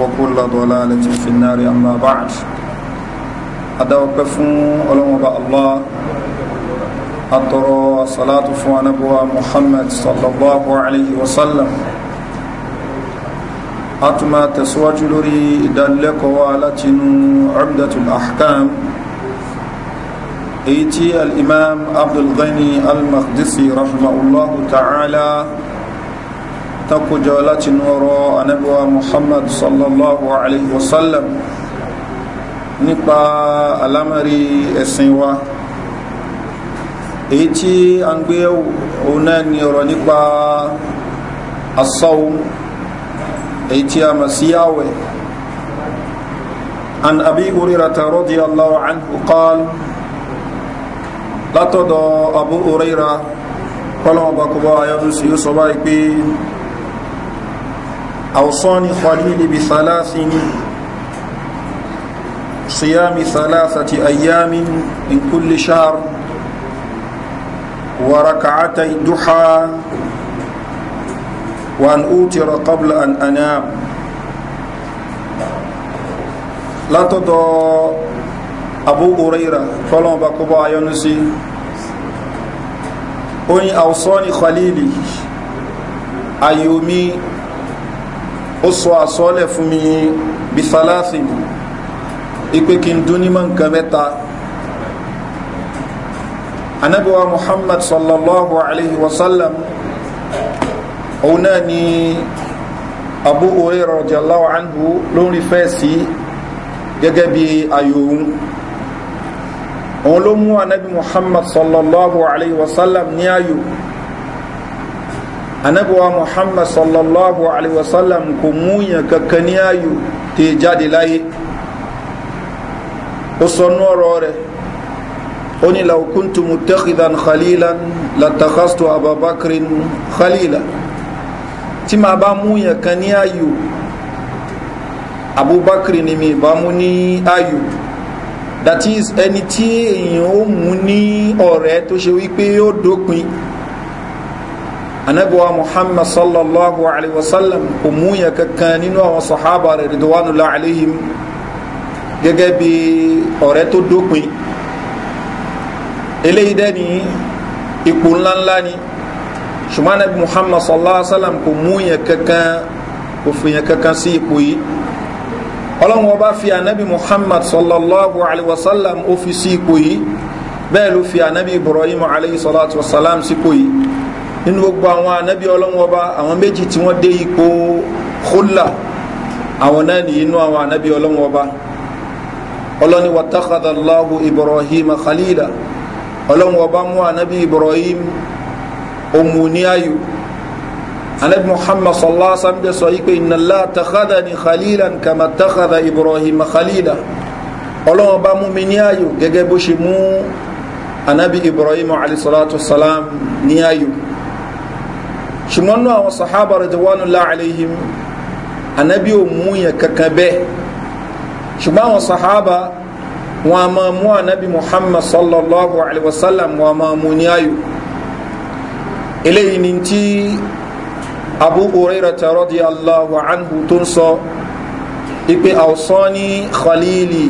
وكل ضلالة في النار أما بعد أدوكفون ألوم الله أترى صلاة فوانبوى محمد صلى الله عليه وسلم أتما تسواج لري دلك والتن عمدة الأحكام إيتي الإمام عبد الغني المقدسي رحمه الله تعالى takojọ láti inú ọ̀rọ̀ anábíwá muhammad sallallahu alayhi wa sallam nípa alámàrí ẹ̀sìn wa èyí tí a ń gbé òun náà ni ọ̀rọ̀ nípa asọ́wọ́ èyí tí a mọ̀ sí yáwẹ̀ عن أبي هريرة رضي الله عنه قال لا تدع أبو هريرة قال أبو كبا يوسف يوسف أوصاني خليلي بثلاث صيام ثلاثة أيام من كل شهر وركعتي الضحى وأن أوتر قبل أن أنام لا تضع أبو هريرة فلان بكبا ينسي أني أوصاني خليلي أيومي ó sọ àsọ́ọ́lẹ̀ fún mi bithalasi ipe kí n dún ní mọ̀nkà mẹ́ta anabiwa muhammad sallallahu alayhi wa sallam òun náà ni abu hurairah radiyallahu anhu ló ń rí fẹ́ sí gẹ́gẹ́ bí ayò òun ló mú anabi muhammad sallallahu alayhi wa sallam ní ayò anabiwa muhammad sallallahu alaihi wasallam kò mú yàn kankan ní ayò tè jáde láyé ó sọ nú ọ̀rọ̀ rẹ̀ ó ní laukuntu mutakidan khalilan latakastu ababakrin khalila tí màá bá mú yàn kan ní ni mi bá mú ní ayò that is ẹni tí èèyàn ó mú ní ọ̀rẹ́ tó ṣe wípé ó dópin anabiwa muhammad sallallahu alaihi wasallam kò mú yẹn kankan nínú àwọn sahaba rẹ̀ ridwanullahi alaihim gẹ́gẹ́ bí ọ̀rẹ́ tó dópin eléyìí dẹ́ ní ipò ńláńlá ni ṣùgbọ́n anabi muhammad sallallahu alaihi wasallam kò mú yẹn kankan kò fi yẹn kankan sí ipò yìí ọlọ́run ọba fi anabi muhammad sallallahu alaihi wasallam ó fi sí ipò bẹ́ẹ̀ ló fi anabi ibrahim alayhi salatu wasalam sí ipò yìí nínú gbogbo àwọn anábì ọlọ́run ọba àwọn méjì tí wọ́n dé ipò khula àwọn náà nìyí inú àwọn anábì ọlọ́run ọba ọlọ́ni wàtàkàdàláhu ibrahim khalila ọlọ́run ọba mú anábì ibrahim omuniayu anabi muhammad sallallahu alaihi wasallam sọ yìí pé iná látàkàdà ní khalila kàmá tàkàdà ibrahim khalila ọlọ́run ọba mú mi ní ayò gẹ́gẹ́ bó ṣe mú anábì ibrahim alayhi salatu salam ní ayò ṣùgbọ́n náà àwọn sahaba radwanullahi alaihim anabi ò mú yẹn kankan bẹ́ẹ̀ ṣùgbọ́n àwọn sahaba wọn a máa mú anabi muhammad sallallahu alaihi wasallam wọn a máa mú ní ayò eléyìí ni tí abu hurairata radiyallahu anhu tó ń sọ ipe awsani khalili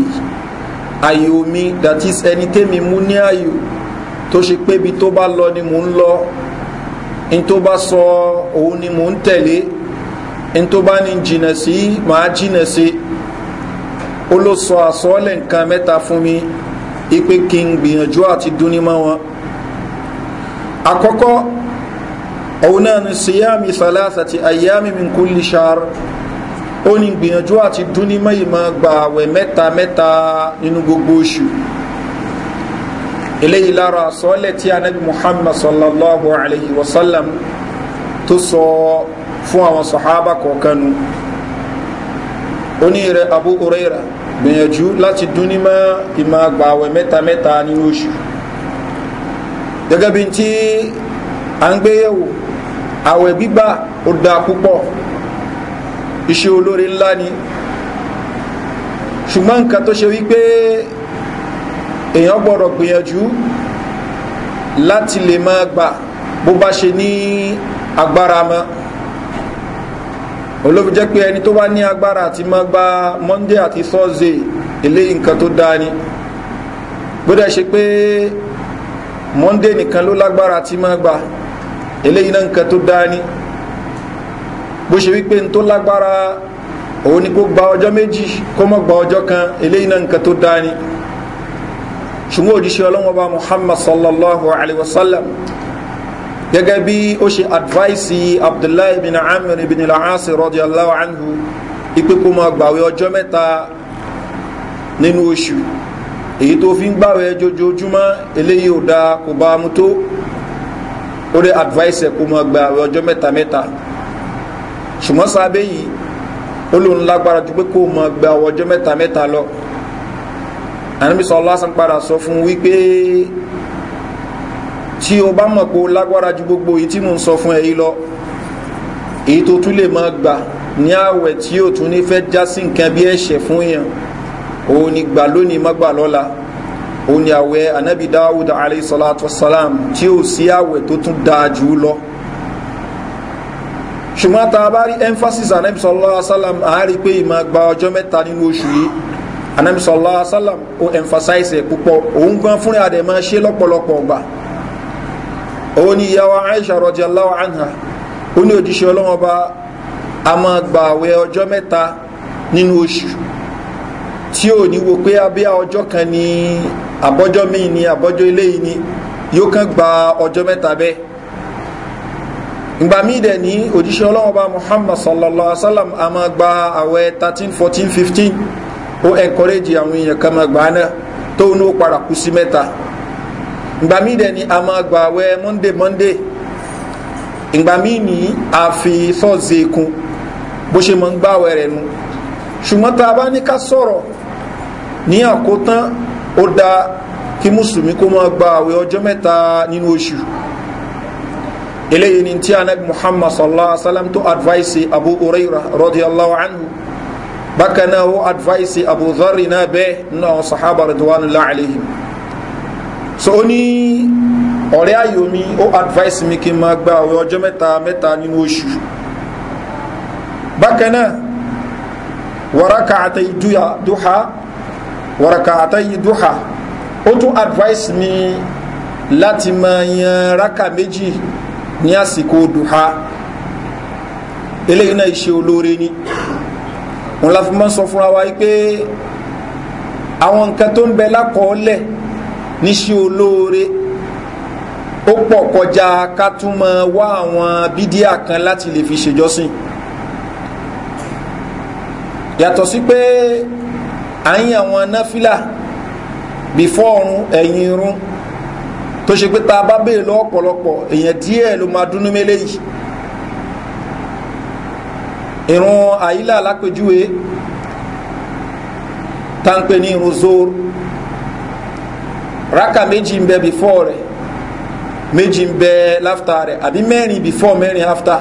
ayò that is ẹni tẹ́mi mú ní ayò tó ṣe pébi tó bá lọ ni mò ń lọ ntoba sọ òun ni mò ń tẹ̀lé ntoba ni jìnà sí màá jìnà sí ó ló sọ àsọ́ọ́lẹ̀ nǹkan mẹ́ta fún mi ipe kí n gbìyànjú àti dúní mọ́ wọn àkọ́kọ́ òun náà ni síyámi sàlásà ti àyámi mi kú lè ó ní gbìyànjú àti dúní mọ́ ìmọ̀ gbà àwẹ̀ mẹ́ta mẹ́ta nínú gbogbo oṣù eléyìí lára sọ́ọ́lẹ̀ tí anabi muhammad sallallahu alayhi wa sallam tó sọ fún àwọn sọ̀hábà kọ̀ọ̀kan nu oníire abu ureira gbìyànjú láti dún ní mọ́ ìmọ̀ àgbàwẹ̀ mẹ́ta mẹ́ta nínú oṣù gẹ́gẹ́ bí tí a ń gbéyẹ̀wò àwẹ̀ gbígbà ó da púpọ̀ iṣẹ́ olóore ńlá ni ṣùgbọ́n nǹkan tó ṣe wípé èèyàn gbọ́dọ̀ gbìyànjú láti lè máa gbà bó bá ṣe ní agbára mọ́ olóbi jẹ́ pé ẹni tó bá ní agbára àti máa gba monday àti thursday eléyìí nǹkan tó dáa ni gbọ́dọ̀ ṣe pé monday nìkan ló lágbára àti máa gba eléyìí náà nǹkan tó dáa ni bó ṣe wípé n tó lágbára òun ni kó gba ọjọ́ méjì kó mọ̀ gba ọjọ́ kan eléyìí náà nǹkan tó dáa ni ṣùgbọ́n òjíṣẹ́ ọlọ́wọ́n bá muhammad sallallahu alaihi wasallam gẹ́gẹ́ bí ó ṣe advice abdullahi bin amir bin al-asi radiyallahu anhu ipe kó máa gbàwé ọjọ́ mẹ́ta nínú oṣù èyí tó fi ń gbàwé jojoojúmọ́ eléyìí ò dáa kò bá mu tó ó dé advice ẹ̀ kó gbàwé ọjọ́ mẹ́ta mẹ́ta ṣùgbọ́n sábẹ́ yìí ó lóun lágbára ju pé kó máa gbàwé ọjọ́ mẹ́ta mẹ́ta lọ àníbísọ̀ lásán padà sọ fún wípé tí o bá mọ̀ pé o lágbára ju gbogbo èyí tí mo ń sọ fún ẹ yìí lọ èyí tó tún lè máa gbà ní àwẹ̀ tí o tún ní fẹ́ já sí nǹkan bí ẹ̀ṣẹ̀ fún yẹn o ní gbà lónìí má gbà lọ́la o ní àwẹ̀ anabi dawud alayhisalatu salam tí o sí àwẹ̀ tó tún dáa jù lọ ṣùgbọ́n tá a bá rí emphasis anabi sọlá salam àárí pé ìmọ̀ gba ọjọ́ mẹ́ta nínú oṣù yìí anabi sallallahu alaihi wasallam o emphasize púpọ̀ òun gan fúnra rẹ̀ máa ṣe lọ́pọ̀lọpọ̀ gbà òun ni ìyàwó aisha radiyallahu anha ó ní òjíṣẹ́ ọlọ́wọ́n bá a máa gba àwẹ̀ ọjọ́ mẹ́ta nínú oṣù tí ò ní wo pé abíyá ọjọ́ kan ni àbọ́jọ́ míì ni àbọ́jọ́ eléyìí ni yóò kàn gba ọjọ́ mẹ́ta bẹ́ẹ̀ ìgbà míì ní òjíṣẹ́ ọlọ́wọ́n muhammad sallallahu alaihi wasallam a máa thirteen fourteen fifteen ó encourage àwọn èèyàn kan máa gbà á náà tó ní ó padà kú sí mẹ́ta ìgbà míì dẹ̀ ni a máa gbà wẹ monday monday ìgbà míì ni a fi thursday kún bó ṣe máa ń gbà wẹ rẹ̀ nu ṣùgbọ́n tá a bá ní ká sọ̀rọ̀ ní àkótán ó da kí mùsùlùmí kó máa gba àwẹ̀ ọjọ́ mẹ́ta nínú oṣù eléyìí ni tí anabi muhammad sallallahu alaihi wa sallam tó advice abu uraira radiyallahu anhu bákan náà ó advice Abu Dharr náà bẹ́ẹ̀ nínú àwọn sahaba radwanullahi alayhim so ó ní ọ̀rẹ́ ayò mi ó advice mi kí n máa gba àwọn ọjọ́ mẹ́ta mẹ́ta nínú oṣù bákan náà waraka àtàyí duha waraka àtàyí duha ó tún advice mi láti máa yan raka méjì ní àsìkò duha eléyìí náà ṣe olóore ni òun la fi mọ́ sọ fúnra wa pé àwọn nǹkan tó ń bẹ lákọọ́lẹ̀ níṣẹ́ olóore ó pọ̀ kọjá ká tún mọ wá àwọn bídíà kan láti lè fi ṣèjọ́sìn yàtọ̀ sí pé à ń yan àwọn náfìlà bífọ́ ọ̀run ẹ̀yìn irun tó ṣe pé tá bá béèrè lọ́pọ̀lọpọ̀ èèyàn díẹ̀ ló máa dúnú mélé yìí irun ayila lápèjúwe táǹpẹ̀ ní irun zoro Raka méjì ń bẹ before rẹ̀ méjì ń bẹ láftà rẹ̀ àbí mẹ́rin before mẹ́rin after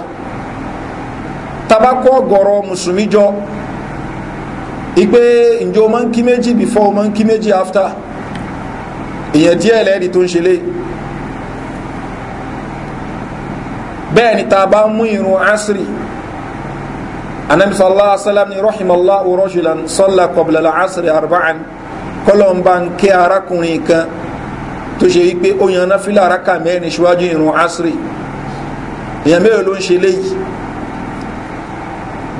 tabakọ́ gọ̀rọ̀ mùsùlùmí jọ ipe ǹjẹ́ o máa ń kí méjì before o máa ń kí méjì after èèyàn díẹ̀ lẹ́ẹ̀dì tó ń ṣe lé bẹ́ẹ̀ ni ta bá mú irun asiri anabi sallallahu alaihi wasallam ni rahimallahu rajulan salla qabla al-asr arba'an kọlọ́n bá ń kí arákùnrin kan tó ṣe wípé ó yan náfìlà araka mẹ́rin ṣíwájú ìrun asri èèyàn mélòó ló ń ṣe léyìí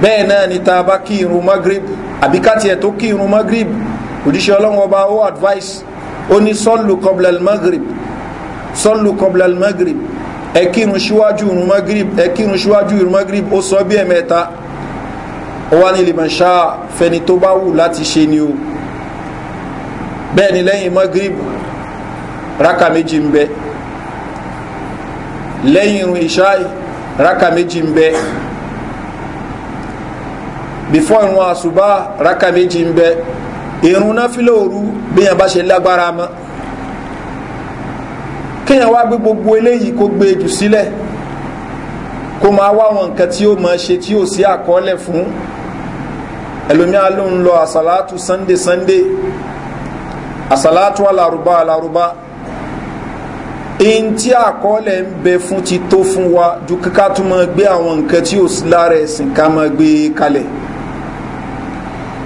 bẹ́ẹ̀ náà ni tá a bá irun magrib àbí káti ẹ̀ tó kí irun magrib òjíṣẹ́ ọlọ́run ọba ó advice ó ní sọ́ọ̀lù kọ́blẹ̀l magrib sọ́ọ̀lù kọ́blẹ̀l magrib ẹ kírun síwájú irun magrib ẹ kírun síwájú irun magrib ó sọ bí ẹ̀mẹ́ta ó wá ní limanṣá fẹni tó bá wù láti ṣe ni o bẹ́ẹ̀ ni lẹ́yìn magrib raka méjì ń bẹ lẹ́yìn irun ìṣáì raka méjì ń bẹ bífọ́ irun àṣùbá raka méjì ń bẹ irun náfílà òru bíyàn bá ṣe lágbára mọ́ kíyàn wá gbé gbogbo eléyìí kó gbé jù sílẹ̀ kó máa wá wọn nǹkan tí ó máa ṣe tí ó sí àkọọ́lẹ̀ fún ẹlòmí aló ń lọ àsàlátù sunday sunday àsàlátù alárúbá alárúbá in tí ń bẹ fún ti tó fún wa ju kíká tó máa gbé àwọn nǹkan tí ó sì lára ẹ̀sìn ká máa gbé kalẹ̀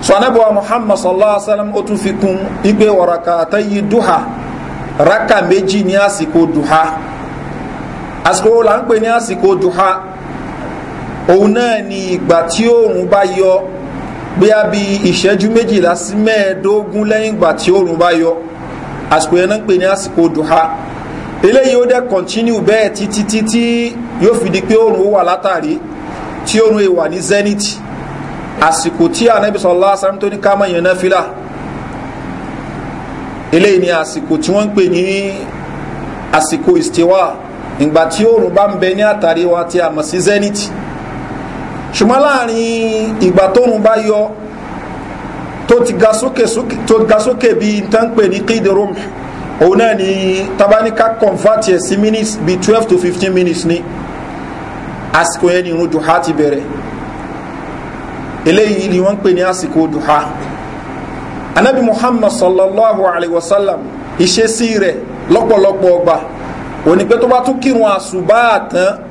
sọ̀nẹ́bọ̀wá muhammad sallallahu alaihi wa sallam ó tún fi kún igbe wàràkà àtẹ́yí duha raka méjì ní àsìkò duha àsìkò wo là ń pè ní àsìkò duha òun náà ni ìgbà tí oòrùn bá yọ bóyá bí ìṣẹ́jú méjìlá sí mẹ́ẹ̀ẹ́dógún lẹ́yìn ìgbà tí oòrùn bá yọ àsìkò yẹn náà ń pè ní àsìkò dùhà eléyìí ó dẹ́ continue bẹ́ẹ̀ títí títí yóò fi di pé oòrùn ó wà látàrí tí oòrùn èèwà ní zenith àsìkò tí anabi sọlá asam tó ní ká yẹn náà fílà eléyìí ni àsìkò tí wọ́n ń pè ní àsìkò ìstíwà ìgbà tí oòrùn bá ń bẹ ní àtàrí wa tí a mọ̀ sí zenith ṣùgbọ́n láàrin ìgbà tóòrùn bá yọ tó ti ga sókè tó ga sókè bí n tán pè ní kéde òun náà ni tabanika convert yẹ sí minutes bí twelve to fifteen minutes ni àsìkò yẹn ni irun duha ti bẹ̀rẹ̀ eléyìí ni wọ́n ń pè ní àsìkò duha anabi muhammad sallallahu alayhi wa sallam ìṣesí rẹ̀ lọ́pọ̀lọpọ̀ ọgbà òní pé tó bá tún kírun àṣùbà tán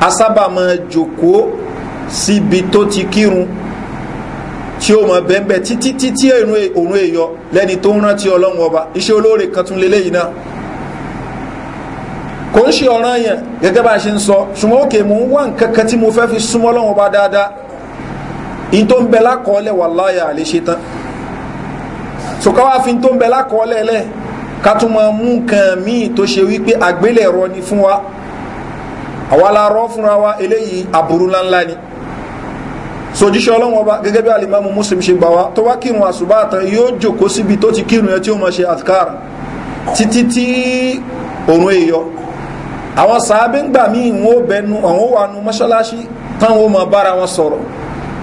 asábà máa jòkó síbi tó ti kírun tí ó mọ bẹ́ẹ̀bẹ́ títí títí e, òun èyọ e lẹ́ni tó ń rántí ọlọ́run ọba iṣẹ́ olóore kan tún lélẹ́yìn náà kò ń ṣe ọ̀ràn yẹn gẹ́gẹ́ bá a ṣe ń sọ ṣùgbọ́n òkè mò ń wá nǹkan kan tí mo fẹ́ fi súnmọ́ ọlọ́run ọba dáadáa in tó ń bẹ lákọọ́lẹ̀ wà láyà àlè ṣe tán sọ̀ká wá fi tó ń bẹ lákọọ́lẹ̀ lẹ̀ ká tún máa mú nǹkan míì tó ṣe wípé àgbélẹ̀rọ ni fún wa Awala la rọ́ wa eléyìí aburú ńláńlá ni sojíṣẹ́ ọlọ́wọ́n ba gẹ́gẹ́ bí alimami muslim ṣe gbà wa tó wá kírun àṣùbá àtàn yóò jòkó síbi tó ti kírun yẹn tí ó mọ̀ ṣe àtikára títí tí òrùn èyọ àwọn sàábé ń gbà míì wọn ó bẹnu àwọn wà nu mọ́ṣáláṣí táwọn ó mọ bára wọn sọ̀rọ̀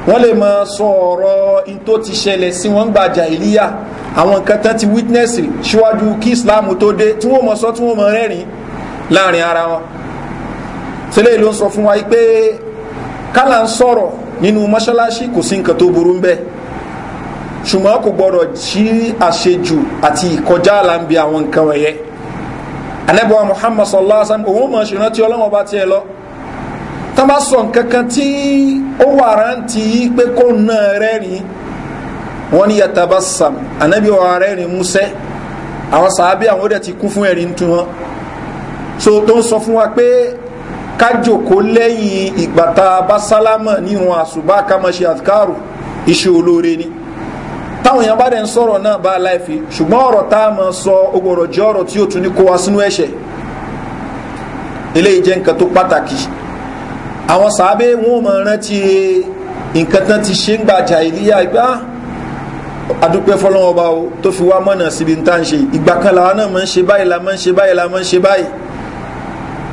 wọ́n lè mọ sọ̀rọ̀ in tó ti ṣẹlẹ̀ sí wọ́n gbà ìlíyà àwọn nǹkan ti witness síwájú kí islam tó dé tí wọ́n mọ sọ tí wọ́n mọ rẹ́rìn láàrin ara wọn sílẹ̀ ló ń sọ fún wa pé kálá ń sọ̀rọ̀ nínú mọ́ṣáláṣí kò sí nǹkan tó burú ń bẹ́ ṣùgbọ́n kò gbọ́dọ̀ sí àṣejù àti ìkọjá àlàǹbí àwọn nǹkan wọ̀nyẹn anabiwa muhammad sallallahu alaihi wa sallam òun mọ̀ ṣìrántí ọlọ́wọ́n bá tiẹ̀ lọ tá bá sọ nǹkan kan tí ó wà rántí pé kó na rẹ́rìn wọ́n ní yàtàbá sam anabi wa rẹ́rìn musẹ́ àwọn sàábí àwọn ó dẹ̀ ti kún fún ẹ̀rín tún so tó ń sọ fún wa pé kájòkó lẹ́yìn ìgbàta bá sálámà nínú àṣùbá kamashe àtikárù iṣẹ́ olóore ni táwọn èèyàn bá dẹ̀ ń sọ̀rọ̀ náà bá láìfi ṣùgbọ́n ọ̀rọ̀ tá a máa sọ ogbòrò jẹ́ ọ̀rọ̀ tí ó tún ní kó wa sínú ẹ̀ṣẹ̀ eléyìí jẹ́ nǹkan tó pàtàkì àwọn sàábé wọn ò mọ̀ rántí nǹkan tán ti ṣe ń gbàjà ìlíyà ìgbà adúpẹ́ ah, fọlọ́wọ́ba o tó fi wá mọ̀nà síbi ń tá ń ṣe ìgbà kan làwọn náà máa ń ṣe báyìí la máa ń ṣe báyìí la máa ń ṣe báyìí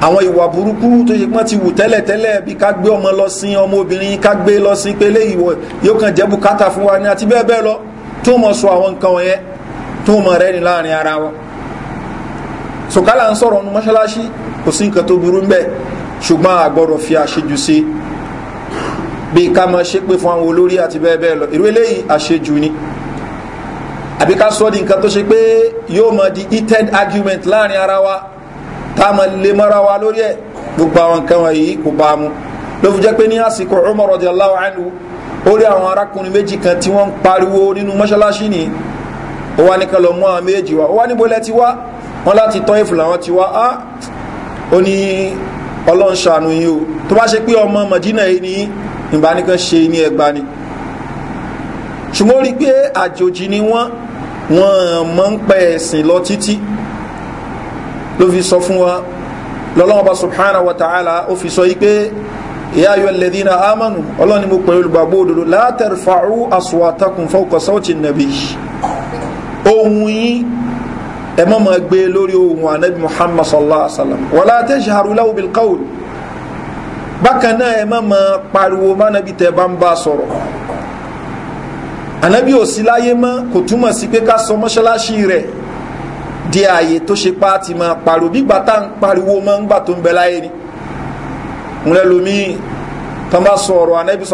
àwọn ìwà burúkú tó ṣe pọ́n ti wù tẹ́lẹ̀tẹ́lẹ̀ bí ká gbé ọmọ lọ sin ọmọ obìnrin ká gbé lọ sin pé lé ìwọ̀ yóò kàn jẹ́ bùkátà fún wa ní àti bẹ́ẹ̀ bẹ́ẹ̀ lọ tó mọ̀ sọ àwọn nǹkan wọ̀nyẹn tó mọ̀ rẹ́ ni láàrin ara wọn sọ̀kálà ń sọ̀rọ̀ ọ̀nù mọ́ṣáláṣí kò sí nǹkan tó burú mbẹ́ ṣùgbọ́n àgbọ̀rọ̀ fi àṣejù sí bí ká máa ṣe pé fún àwọn olórí àti bẹ́ẹ̀ bẹ́ẹ̀ lọ ìrú eléyìí àṣejù ni àbí ká sọ́ di nǹkan tó ṣe pé yóò mọ̀ di heated argument láàrin ara wa táàmà lè mọ́ra wa lórí ẹ̀ gbogbo àwọn nǹkan wọ̀nyí kò bá mu ló fi jẹ́ pé ní àsìkò ni ó wá ní kan lọ mú àwọn méjì wá ó wá níbo lẹ ti wá wọn láti tọ́ ìfúnlá wọn ti wá á ah! ó ní ọlọ́run ṣàánú yín o tó bá ṣe pé ọmọ Mọ̀dínà yìí ni ìbánikan ṣe ni ṣùgbọ́n ó rí pé àjòjì ni wọ́n wọ́n mọ̀ ń pẹ́ ẹ̀sìn lọ títí ló fi sọ fún wa lọ́lọ́wọ́ bá subhanahu wa ta'ala ó fi sọ yí pé ìyá ayọ̀ lẹ́dínà amánu ọlọ́ni mo pẹ̀lú olùgbàgbọ́ òdodo látẹ̀rẹ̀ fàáru àsùwàtàkùn fọ́kọ̀ sọ́ọ̀tì nàbí ohun yín ẹ mọ́ máa gbé lórí ohun anabi muhammad sallallahu alaihi wa sallam wàlá tẹ̀sí haruláwo bilkawul bákan náà ẹ mọ́ máa pariwo mánabi tẹ̀ bá ń bá sọ̀rọ̀ anabi ò sí láyé mọ́ kò túmọ̀ sí pé ká sọ mọ́ṣáláṣí rẹ̀ di ààyè tó ṣe pa ti máa pariwo bí gbà tá à ń pariwo máa ń gbà tó ń bẹ láyé ni lẹ́ lomi tán bá sọ ọ̀rọ̀ anabi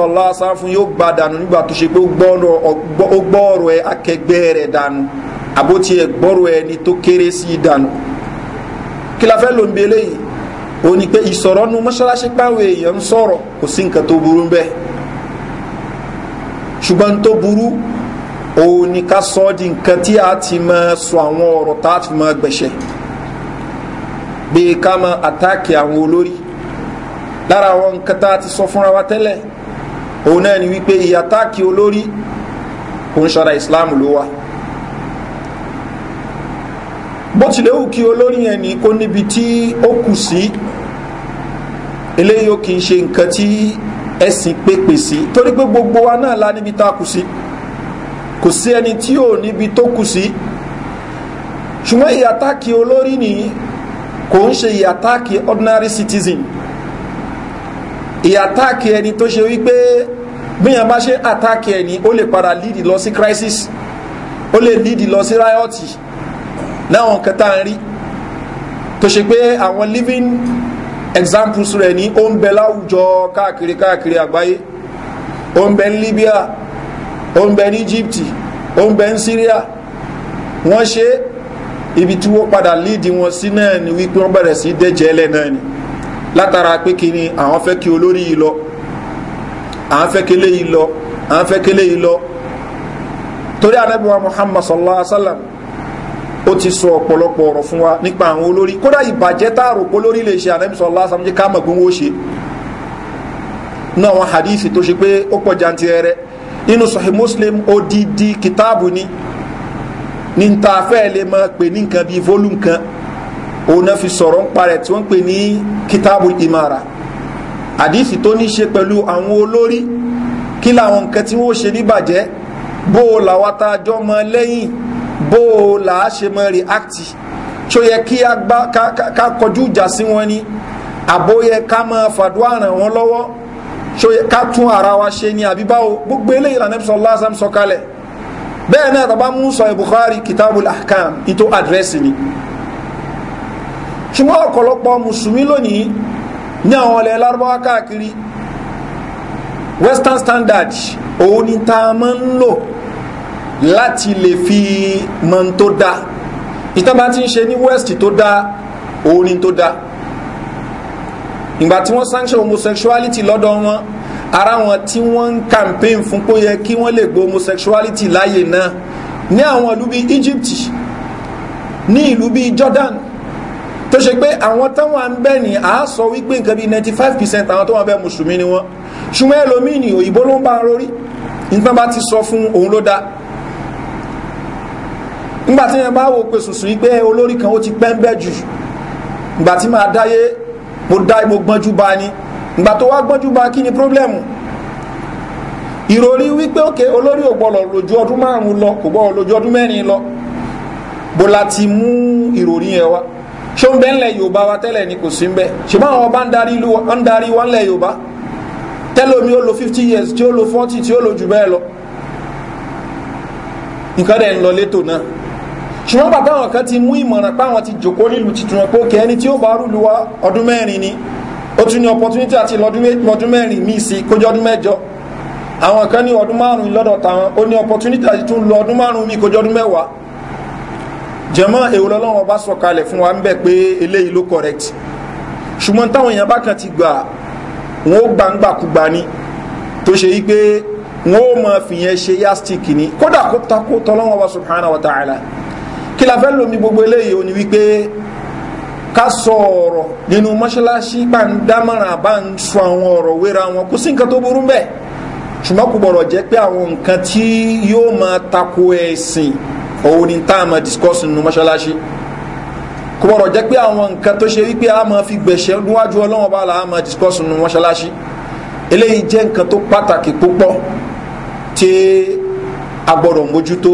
yóò gba dànù nígbà tó ṣe pé ó gbọ́ ọ̀rọ̀ ẹ akẹgbẹ́ rẹ̀ dànù àbótí ẹ gbọ́rọ̀ ẹni tó kéré sí i dànù kí la fẹ́ ló ń ní pé ìsọ̀rọ̀ nu mọ́ṣáláṣí páwọn èèyàn ń sọ̀rọ̀ kò sí tó burú òun ni ká sọ ọ́ di nǹkan tí a ti máa sọ àwọn ọ̀rọ̀ tá a ti máa gbẹ̀ṣẹ̀ bíi ká máa àtáàkì àwọn olórí lára àwọn nǹkan tá a ti sọ fúnra wa tẹ́lẹ̀ òun náà ni wípé ìyàtáàkì olórí òun ṣara islam ló wà bó tilẹ̀ wù kí olórí yẹn ní kó níbi tí ó kù sí eléyìí ó kì í ṣe nǹkan tí ẹ̀sìn pépè sí torí pé gbogbo wa náà la níbi tá a kù sí. Si kò sí ẹni tí ò níbi tó kù sí ṣùgbọ́n ìyàtàkì olórí ni kò ń ṣe ìyàtàkì ordinary citizen ìyàtàkì ẹni tó ṣe wípé bíyàn bá ṣe àtàkì ẹni ó lè padà lead lọ sí crisis ó lè lead lọ sí riot láwọn kẹta ń rí tó ṣe pé àwọn living examples rẹ̀ ní ó ń bẹ láwùjọ káàkiri káàkiri àgbáyé ó ń bẹ ní libya ó ń bẹ ní egypt ó ń bẹ ní syria wọ́n ṣe ibi tí wọ́n padà líìdì wọn sí náà ni wípé wọ́n bẹ̀rẹ̀ sí dẹ́jẹ́ ẹlẹ́ náà ni látara pé kí ni àwọn fẹ́ kí olórí yìí lọ àwọn fẹ́ kélé yìí lọ àwọn fẹ́ kélé yìí lọ torí anábìwá muhammad sallallahu alaihi wa sallam ó ti sọ ọ̀pọ̀lọpọ̀ ọ̀rọ̀ fún wa nípa àwọn olórí kódà ìbàjẹ́ tá àròpó olórí lè ṣe anábì sallallahu alaihi wa sallam jẹ́ ká mọ̀ gbóhùn ó ṣe náà wọn hadithi tó ṣe pé ó pọ̀ jantirẹrẹ nínú sahih muslim odidi kitaabu ni ní ta fẹ́ lè mọ pé ní nǹkan bíi volume kan òun náà fi sọ̀rọ̀ ń parẹ̀ tí wọ́n pè ní kitaabu imara àdìsí tó ní ṣe pẹ̀lú àwọn olórí kí làwọn nǹkan tí wọ́n ṣe níbàjẹ́ bó o làwọn tá a jọ mọ lẹ́yìn bó o là á ṣe react tó yẹ kí a gbá ká kọjú ìjà sí wọn ni àbó yẹ ká mọ fàdúrà ràn wọn lọ́wọ́ ká tún ara wa ṣe ní àbí báwo gbogbo eléyìí lànà ìbísọ̀ lásán sọ kalẹ̀ bẹ́ẹ̀ náà tàbá mú sọ ìbùkhari kitabul ahkam ìtò àdírẹ́sì ni ṣùgbọ́n ọ̀pọ̀lọpọ̀ mùsùlùmí lónìí ní àwọn ọ̀lẹ́ lárúbáwá káàkiri western standard òun ni tá a máa ń lò láti lè fi mọ̀ tó dáa ìtàn bá ti ń ṣe ní west tó dáa òun ni tó dáa ìgbà tí wọ́n sanction homosexuality lọ́dọ̀ wọn ara wọn tí wọ́n ń campaign fún pé ó yẹ kí wọ́n lè gbé homosexuality láàyè náà ní àwọn ìlú bíi egypt ní ìlú bíi jordan tó ṣe pé àwọn táwọn à ń bẹ̀ ní à sọ wípé nǹkan bíi ninety five percent àwọn tó wà bẹ́ẹ̀ mùsùlùmí ni wọ́n ṣùgbọ́n ẹlòmíì ní òyìnbó ló ń bá lórí nígbà bá ti sọ fún òun ló dáa nígbà tí yẹn bá wò pé sùsù yìí pé olórí kan ó ti pẹ́ ń bẹ́ jù ìgbà tí máa dáyé mo dá mo gbọ́njú bá ní ìgbà tó wá gbọ́njú bá kí ni pírọ́blẹ́mù ìròrí wípé òkè olórí ò gbọ́dọ̀ lójú ọdún márùn-ún lọ kò gbọ́ lójú ọdún mẹ́rin lọ bó la ti mú ìròrí yẹn wá ṣé ń bẹ́ ńlẹ̀ yorùbá wa tẹ́lẹ̀ ni kò sí ń bẹ́ ṣùgbọ́n àwọn ọba ń darí wọn lẹ̀ yorùbá tẹ́lómi ó lo fifty years tí ó lo forty tí ó lo jù bẹ́ẹ̀ lọ nǹkan dẹ̀ ń lọ létò náà ṣùgbọ́n bàtà àwọn kan ti mú ìmọ̀ràn páwọn ti jòkó nílùú titun ọ̀pọ̀ kẹ́ ẹni tí ó bá rúlu wa ọdún mẹ́rin ni ó tún ní opportunity àti lọ́dún mẹ́rin míì sí kójọ́ ọdún mẹ́jọ àwọn kan ní ọdún márùn-ún lọ́dọ̀ táwọn ó ní opportunity àti tún lọ ọdún márùn-ún míì kójọ́ ọdún mẹ́wàá jẹ̀mọ́ èwo lọ́lọ́run ọba sọ fún wa ń bẹ̀ pé eléyìí ló correct ṣùgbọ́n táwọn èèyàn bá kan ti gbà wọn ó gbangbàkúgba ni tó ṣe yí pé wọn ó mọ fìyẹn ṣe yastik ni kódà kó takó tọ́lọ́run ọba subhanahu wa ta'ala kí la fẹ́ lómi gbogbo eléyìí ó ní wípé ká sọ ọ̀rọ̀ nínú mọ́ṣáláṣí bá ń dámọ̀ràn bá ń sọ àwọn ọ̀rọ̀ wéra wọn kò sí nǹkan tó burú bẹ́ẹ̀ ṣùgbọ́n kò gbọ́dọ̀ jẹ́ pé àwọn nǹkan tí yóò máa tako ẹ̀sìn òun ni tá a máa discuss nínú mọ́ṣáláṣí kò gbọ́dọ̀ jẹ́ pé àwọn nǹkan tó ṣe wípé a máa fi gbẹ̀ṣẹ̀ níwájú ọlọ́wọ́n bá la a máa discuss nínú mọ́ṣáláṣí eléyìí jẹ́ nǹkan tó pàtàkì púpọ̀ tí a gbọ́dọ̀ mójútó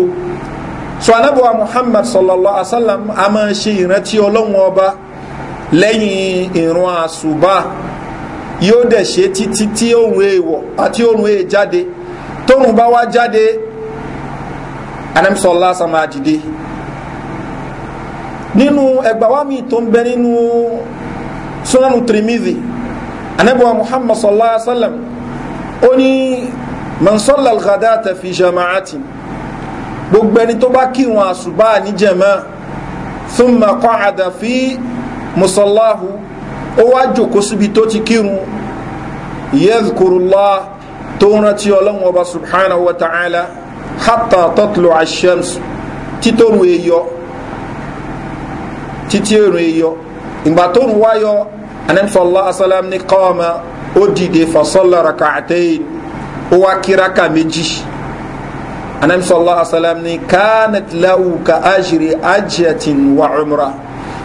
so anabuwa muhammad sallallahu alaihi wasallam a máa ṣe ìrántí ọlọ́run ọba lẹ́yìn ìrun àṣùbà yóò dẹ̀ ṣe títí tí òun èèwọ̀ àti òun èè jáde tóun bá wá jáde anamisọ́lá sàmà dìde nínú ẹgbàwámi tó ń bẹ nínú sunanu tirimizi anabuwa muhammad sallallahu alaihi wasallam ó ní mansola al-ghadata jama'atin gbogbo ẹni tó bá kírun àṣùbá níjẹ̀mọ́ fún mọ̀kọ́ àdàfí mùsọ̀láhù ó wá jòkó síbi tó ti kírun yẹ́dùkúrúlá tó ń rántí ọlọ́run ọba subhanahu wa ta'ala hátà tọ́tùlù àṣẹms títòrùn èyọ títí èrùn èyọ ìgbà tó ń wáyọ anẹ́fọ́lá asálám ní kọ́ọ̀mà ó dìde fọ́sọ́lá rakàtẹ́yìn ó wá kíraka méjì anabi sallallahu alaihi wasallam ni kanat lahu ka ajiri ajiyatin wa umra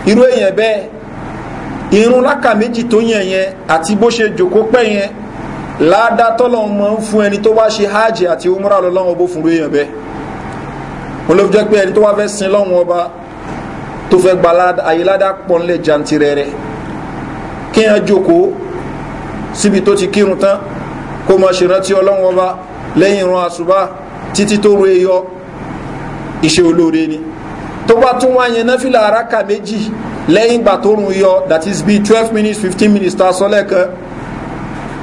irú èèyàn bẹ́ẹ̀ irun láka méjì tó yẹn yẹn àti bó ṣe jòkó pẹ́ yẹn ládàá tọ́lọ́hún máa ń fún ẹni tó wá ṣe hajj àti umra lọ́lọ́hún ọbọ̀ fún irú èèyàn bẹ́ẹ̀ wọn ló fi jẹ́ pé ẹni tó wá fẹ́ sin lọ́hún ọba tó fẹ́ gba ayé ládàá pọ̀ ńlẹ̀ jantirẹrẹ kí yẹn jòkó síbi tó ti kírun tán kó máa ṣèrántí ọlọ́hún ọba lẹ́yìn ìran àṣùbá títí tó ru eyọ iṣẹ́ olóore ni tó bá tún wá yẹn náfìlà araka méjì lẹ́yìn ìgbà tó rùn yọ that is be twelve minutes fifteen minutes tá a sọ lẹ́ẹ̀kan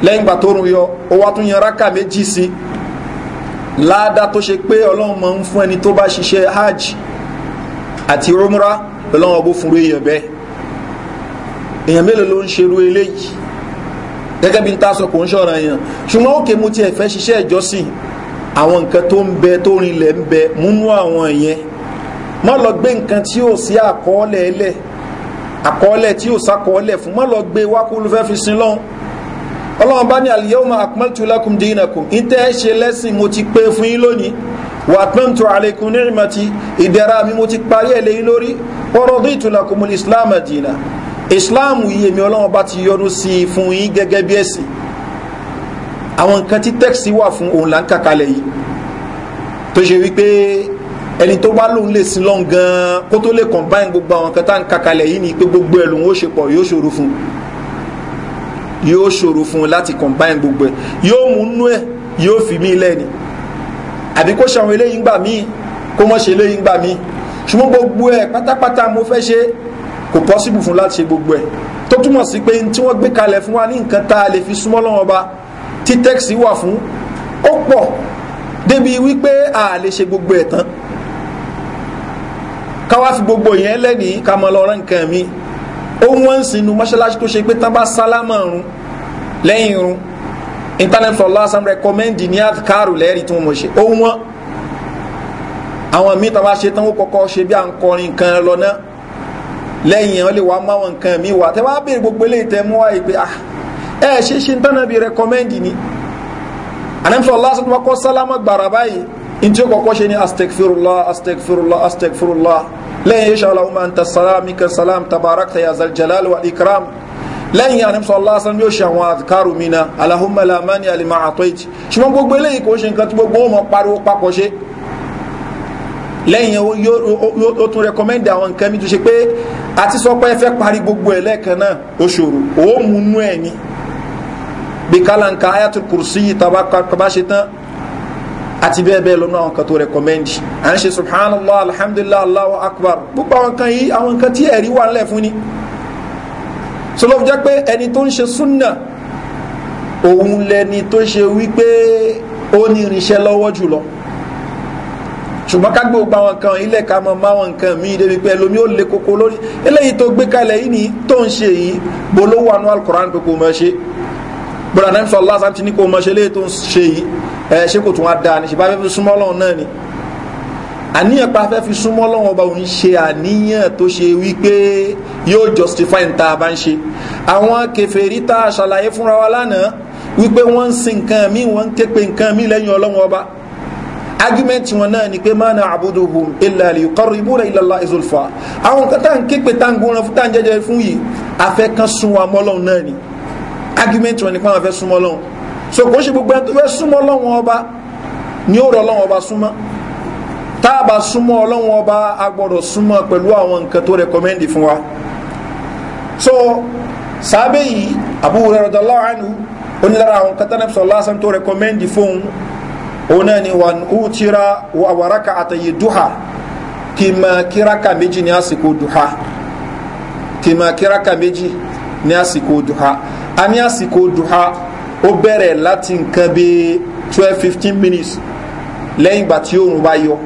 lẹ́yìn ìgbà tó rùn yọ ó wá tún yẹn araka méjì sí láàdá tó ṣe pé ọlọ́run máa ń fún ẹni tó bá ṣiṣẹ́ hajj àti romra ọlọ́run ọbó fún èèyàn bẹ́ẹ̀ èèyàn mélòó ló ń ṣerú eléyìí gẹ́gẹ́ bí n ta sọ kò ń ṣọ̀ràn yẹn ṣùgbọ́n òkè mo tiẹ̀ fẹ́ ṣiṣẹ́ ìjọsìn àwọn nǹkan tó ń bẹ tó rinlẹ̀ ń bẹ múnú àwọn yẹn má lọ gbé nǹkan tí ò sí àkọọ́lẹ̀ ẹlẹ̀ àkọọ́lẹ̀ tí ò sákọọ́lẹ̀ fún má lọ gbé wákúlù fẹ́ fi sin lọ́hùn ọlọ́run bá ní àlìyẹ́wòmọ̀ àpọ́ntúlákùn dínàkùn ìtẹ́ ṣe lẹ́sìn mo ti pé fún yín lónìí wà pẹ́ntù àlékún ní ìrìnàtí ìdẹ̀ra mi mo ti parí ẹ̀ lẹ́yìn lórí ọ̀rọ̀ dún ìtùlákùn islam dínà islam yìí èmi ọlọ́run bá ti yọnu sí i fún yín gẹ́gẹ́ bí ẹ̀sìn àwọn nǹkan tí tẹ́kìsì wà fún òun là ń kàkalẹ̀ yìí tó ṣe wípé ẹni tó bá lóun lè sin lọ́n gan-an kó tó lè combine gbogbo àwọn nǹkan tá à ń kàkalẹ̀ yìí ni pé gbogbo ẹ̀ lòun ó ṣe pọ̀ yóò ṣòro fún yóò ṣòro fún láti combine gbogbo ẹ̀ yóò mú nú ẹ̀ yóò fi mí lẹ́ni àbí kó ṣàwọn eléyìí gbà míì kó mọ́ ṣe eléyìí gbà míì ṣùgbọ́n gbogbo ẹ̀ pátápátá mo fẹ́ ṣe kò pọ́sibù fún láti ṣe gbogbo ẹ̀ tó túmọ̀ sí pé tí wọ́n gbé kalẹ̀ fún wa ní nǹkan tá a lè fi súnmọ́ lọ́wọ́ ba tí tẹ́kìsì wà fún ó pọ̀ débi wípé a lè ṣe gbogbo ẹ̀ tán káwá fi gbogbo yẹn lẹ́ni ká mọ lọ́rọ́ nǹkan mi ó wọ́n ń sinú mọ́ṣáláṣí tó ṣe pé tán bá sálámà run lẹ́yìn irun internet for last time recommend ní àkàrù lẹ́rìí tí wọ́n mọ̀ ṣe ó wọ́n àwọn míì tàbá ṣe tán ó kọ́kọ́ ṣe bí à ń kọrin nǹkan lọ náà lẹ́yìn ẹ̀ wọ́n lè wá máwọn nǹkan mi wà tẹ́ wá béèrè gbogbo eléyìí tẹ́ mú wáyé pé ah ẹ ṣe ṣe tánà bí rẹkọmẹ́ndì ni ànífẹ́ ọlásán wọn kọ́ sálámà gbàrà báyìí in tí ó kọ́kọ́ ṣe ni astagfirullah astagfirullah astagfirullah lẹ́yìn yíṣà aláwọ̀má ń ta salami kan salam tabarak ta yazal jalal wa ikram lẹ́yìn ànífẹ́ ọlásán yóò ṣe àwọn àdìkárù mi na alahumma lamani alima atoit ṣùgbọ́n gbogbo eléyìí kò ṣe nǹkan tí gbogbo wọn pariwo papọ̀ ṣe lẹ́yìn ó tún rẹkọmẹ́ndì àwọn nǹkan mi tó ṣe pé àti sọ pé ẹ fẹ́ parí gbogbo ẹ̀ lẹ́ẹ̀kan náà ó ṣòro ó mú nú ẹ̀ ni bí kálánka ayatul kursi taba ṣe tán àti bẹ́ẹ̀ bẹ́ẹ̀ lọ́nà àwọn kan tó rẹ̀kọ́mẹ́ndì à ń ṣe subhanallah alhamdulillah allahu akbar gbogbo àwọn kan yìí àwọn kan tí ẹ̀rí wà ńlẹ̀ fún ni so ló fi jẹ́ pé ẹni tó ń ṣe súnà òun lẹni tó ṣe wípé ó ní irinṣẹ́ lọ́wọ́ jùlọ ṣùgbọ́n ká gbogbo àwọn kan ilẹ̀ ká mọ máwọn nǹkan míì débi pé ẹlòmí ó le koko lórí eléyìí tó gbé kalẹ̀ yìí ni tó ń ṣe yìí bolówó anú alukoran pé kò mọ̀ ṣe gbọ́dọ̀ náà sọ lásán tí ní kò mọ́ ṣe lé tó ń ṣe yìí ẹ ṣé kò tún wá dáa ní ṣe bá fẹ́ fi súnmọ́ lọ́hùn náà ni àníyàn pa fẹ́ fi súnmọ́ lọ́wọ́ ọba òun ṣe àníyàn tó ṣe wípé yóò justify nta bá ń ṣe àwọn kẹfẹ́rí tá a ṣàlàyé fúnra wa lánàá wípé wọ́n ń sin nǹkan mi wọ́n ń ké pe nǹkan mi lẹ́yìn ọlọ́wọ́ ọba argument wọn náà ni pé mana abuduhum illa li qarribuna ila Allah izulfa àwọn kan tá à ń ké pe tá à ń gbóná fún tá à ń jẹjẹ fún yìí afẹ́ kan sun wa mọ́lọ́hún náà ni argument wọn ni pé àwọn fẹ́ súnmọ́ lọ́wọ́ so kò ṣe gbogbo ẹni tó fẹ́ súnmọ́ lọ́wọ́ ọba ni ó rọ lọ́wọ́ ọba súnmọ́ tá a bá súnmọ́ ọlọ́wọ́ ọba a gbọ́dọ̀ súnmọ́ pẹ̀lú àwọn nǹkan tó rẹkọmẹ́ndì fún wa so sábẹ́ yìí àbúrò rẹ̀ dọ́lọ́wọ́ àánú onílára àwọn kátánẹ́fẹ́ lásán tó rẹkọmẹ́ndì fóun òun náà ni wà ó tira àwáraka àtàyè dùhà kì máa kíraka méjì ní àsìkò dùhà kì máa kíraka méjì ní àsìkò dùhà a ní àsìkò duha ó bẹ̀rẹ̀ láti nǹkan bí twelve fifteen minutes lẹ́yìn ìgbà tí oòrùn bá yọ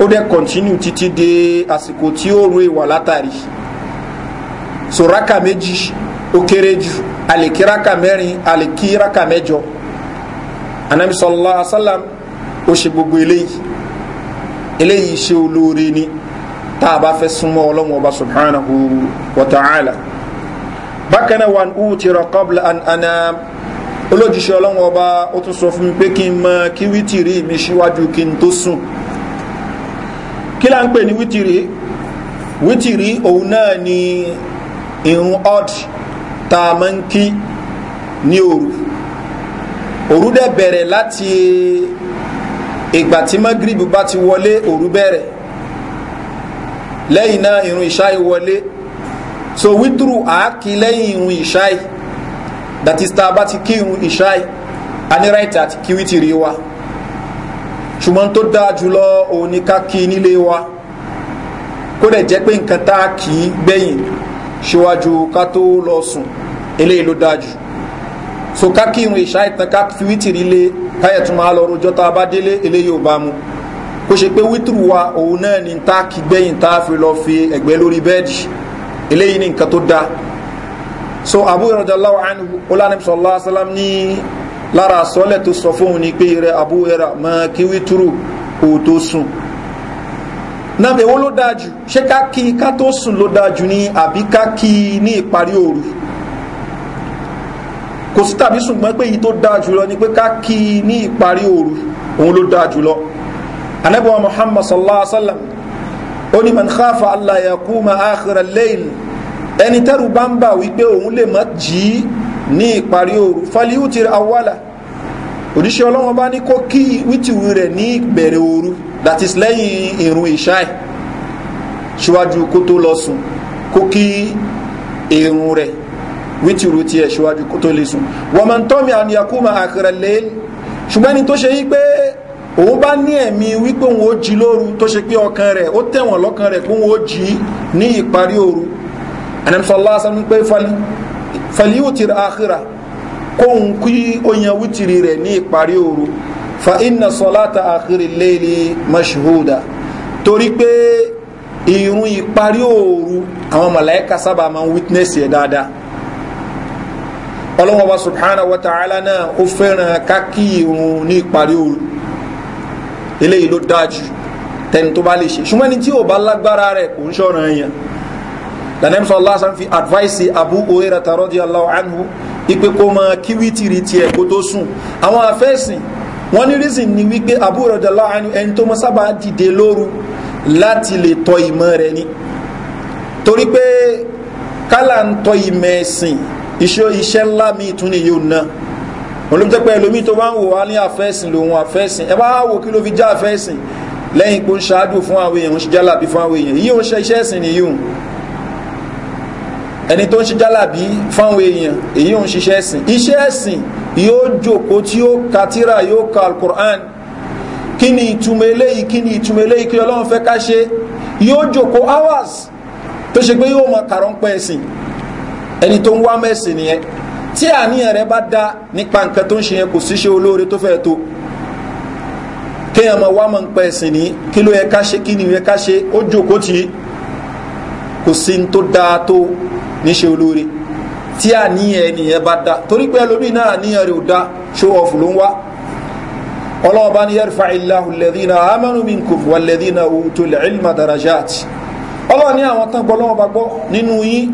ó dẹ̀ continue títí dé àsìkò tí oòrùn ìwà látàrí sòrákà méjì ó kéré jù àlèkíraka mẹ́rin àlèkíraka mẹ́jọ anabi sọlá asálàm ó ṣe gbogbo eléyìí eléyìí ṣe olóore ni tá a bá fẹ́ subhanahu wa ta'ala bákan náà wọn ú ti rọ kọ́bla àná olójúṣe ọlọ́wọ́n ọba ó tún sọ fún mi pé kí n mọ kí wítìrí mi síwájú kí n tó sùn kí là ń pè ní wítìrí wítìrí òun náà ni irun odd tá a máa ń kí ní òru òru dẹ̀ bẹ̀rẹ̀ láti ìgbà tí magrib bá ti wọlé òru bẹ̀rẹ̀ lẹ́yìn náà irun ìṣáì wọlé so wítúrù àákì lẹ́yìn ìrun ìṣáì that is tá a bá ti kí ìrun ìṣáì a ní ráìtì àti kí wítìrí wa ṣùgbọ́n tó dáa jùlọ òun ni ká kí nílé wa kó dẹ̀ jẹ́ pé nǹkan tá a kì í gbẹ̀yìn ṣíwájú ká tó lọ sùn eléyìí ló dáa jù so ká kí ìrun ìṣáì tán ká fi wítìrí lé káyẹ̀ tún máa lọ rojọ́ tá a bá délé eléyìí ò bá mu kó ṣe pé wítìrù wa òun náà ni tá a kì gbẹ̀yìn tá a fi lọ fi ẹ̀gbẹ́ lórí bẹ́ẹ̀dì eléyìí ní nǹkan da so abu radallahu anhu olani sallallahu alaihi wasallam ní lára sọ́lẹ̀ tó sọ fóun ni pé rẹ abu rẹ mọ kí wítúrù kò tó sùn náà èwo ló dáa jù ṣé ká kí ká tó sùn ló dáa jù ní àbí ká kí ní ìparí òru kò sí tàbí ṣùgbọ́n pé èyí tó dáa jùlọ ni pé ká ní ìparí òru òun ló dáa jùlọ anábíwá muhammad sallallahu alaihi wasallam ó ní man khafa allah yakuma akhira leil ẹni tẹ́rù bá ń bà wípé òun lè má jí ní ìparí òru faliutir awala òdíṣẹ́ ọlọ́wọ́n bá ní kó kí wítìwí rẹ̀ ní ìbẹ̀rẹ̀ òru that is lẹ́yìn ìrùn ìṣáì ṣíwájú kó tó lọ sùn kó kí ìrùn rẹ̀ wítìwí tiẹ̀ ṣíwájú kó tó lè sùn wọ́n máa ń tọ́ mi àníyàkú ma àkàrà lẹ́yìn ṣùgbọ́n ẹni tó ṣe yí pé òun bá ní ẹ̀mí wípé òun ó jí lóru tó ṣe pé ọkàn rẹ̀ ó tẹ̀wọ̀n lọ́kàn rẹ̀ pé òun ó jí ní ìparí òru ànàmísọ́lá sanu pé fàlíwùtìrì àkìrà kóhun kí ó yan wítìrì rẹ̀ ní ìparí òru fa iná sọláta àkìrì léèlì mashuhuda torí pé irun ìparí òru àwọn mọ̀láyíkà sábà máa ń wítínẹ́sì ẹ̀ dáadáa ọlọ́wọ́n wa subhanahu wa ta'ala náà ó fẹ́ràn kákì irun ní ìparí òru eléyìí ló dáa jù tẹni tó bá lè ṣe ṣùgbọ́n ẹni tí ò bá lágbára rẹ̀ kò ń ṣọ̀ràn yẹn lànàmì sọ aláṣà ń fi advice abu oyera tarọ́ di aláwọ̀ anhu ipe kó mọ kíwítìrì tiẹ̀ kó tó sùn àwọn afẹ́sìn wọ́n ní reason ni wípé abu oyera di aláwọ̀ anhu ẹni tó mọ sábà dìde lóru láti lè tọ ìmọ̀ rẹ̀ ni torí pé kálá ń tọ ìmọ̀ ẹ̀sìn iṣẹ́ ńlá mi ìtúnìyí ò náà olóòjẹ́ pé ẹlòmí tó bá ń wò wá ní àfẹ́sìn lòun àfẹ́sìn ẹ bá wò kí ló fi já àfẹ́sìn lẹ́yìn pé ó ń ṣáájú fún àwọn èèyàn ó ń ṣe jálàbí fún àwọn èèyàn yíò ń ṣe iṣẹ́ ẹ̀sìn nìyí òun ẹni tó ń ṣe jálàbí fáwọn èèyàn èyí ò ń ṣiṣẹ́ ẹ̀sìn iṣẹ́ ẹ̀sìn yóò jòkó tí ó ka tíra yóò ka alukur'an kí ni ìtumọ̀ eléyìí kí ni ìtumọ̀ eléyìí kí ọlọ́run fẹ́ ká ṣe yóò jòkó hours tó ṣe pé yóò mọ kàrọ̀ ń pẹ́ ẹ̀sìn ẹni tó ń wá mẹ́sìn nìyẹn tí àníyàn rẹ bá dá nípa nǹkan tó ń ṣe yẹn kò síṣe olóore tó fẹ́ tó kéèyàn mọ̀ wá mọ̀ ń pẹ́ ẹ̀sìn ní kí ló yẹ ká ṣe kí ni yẹ ká ṣe ó jòkó tì í kò sí tó dáa tó níṣe olóore tí àníyàn ẹnìyẹn bá dá torí pé ẹlòmíì náà àníyàn rẹ ò dá show off ló ń wá ọlọ́run bá ní yẹ́rìfà ìlàhù lẹ́dínà amẹ́nu mi kò wà lẹ́dínà òun tó lẹ́ ìlmà ní àwọn tán gbọ́ lọ́wọ́ bá gbọ́ nínú yín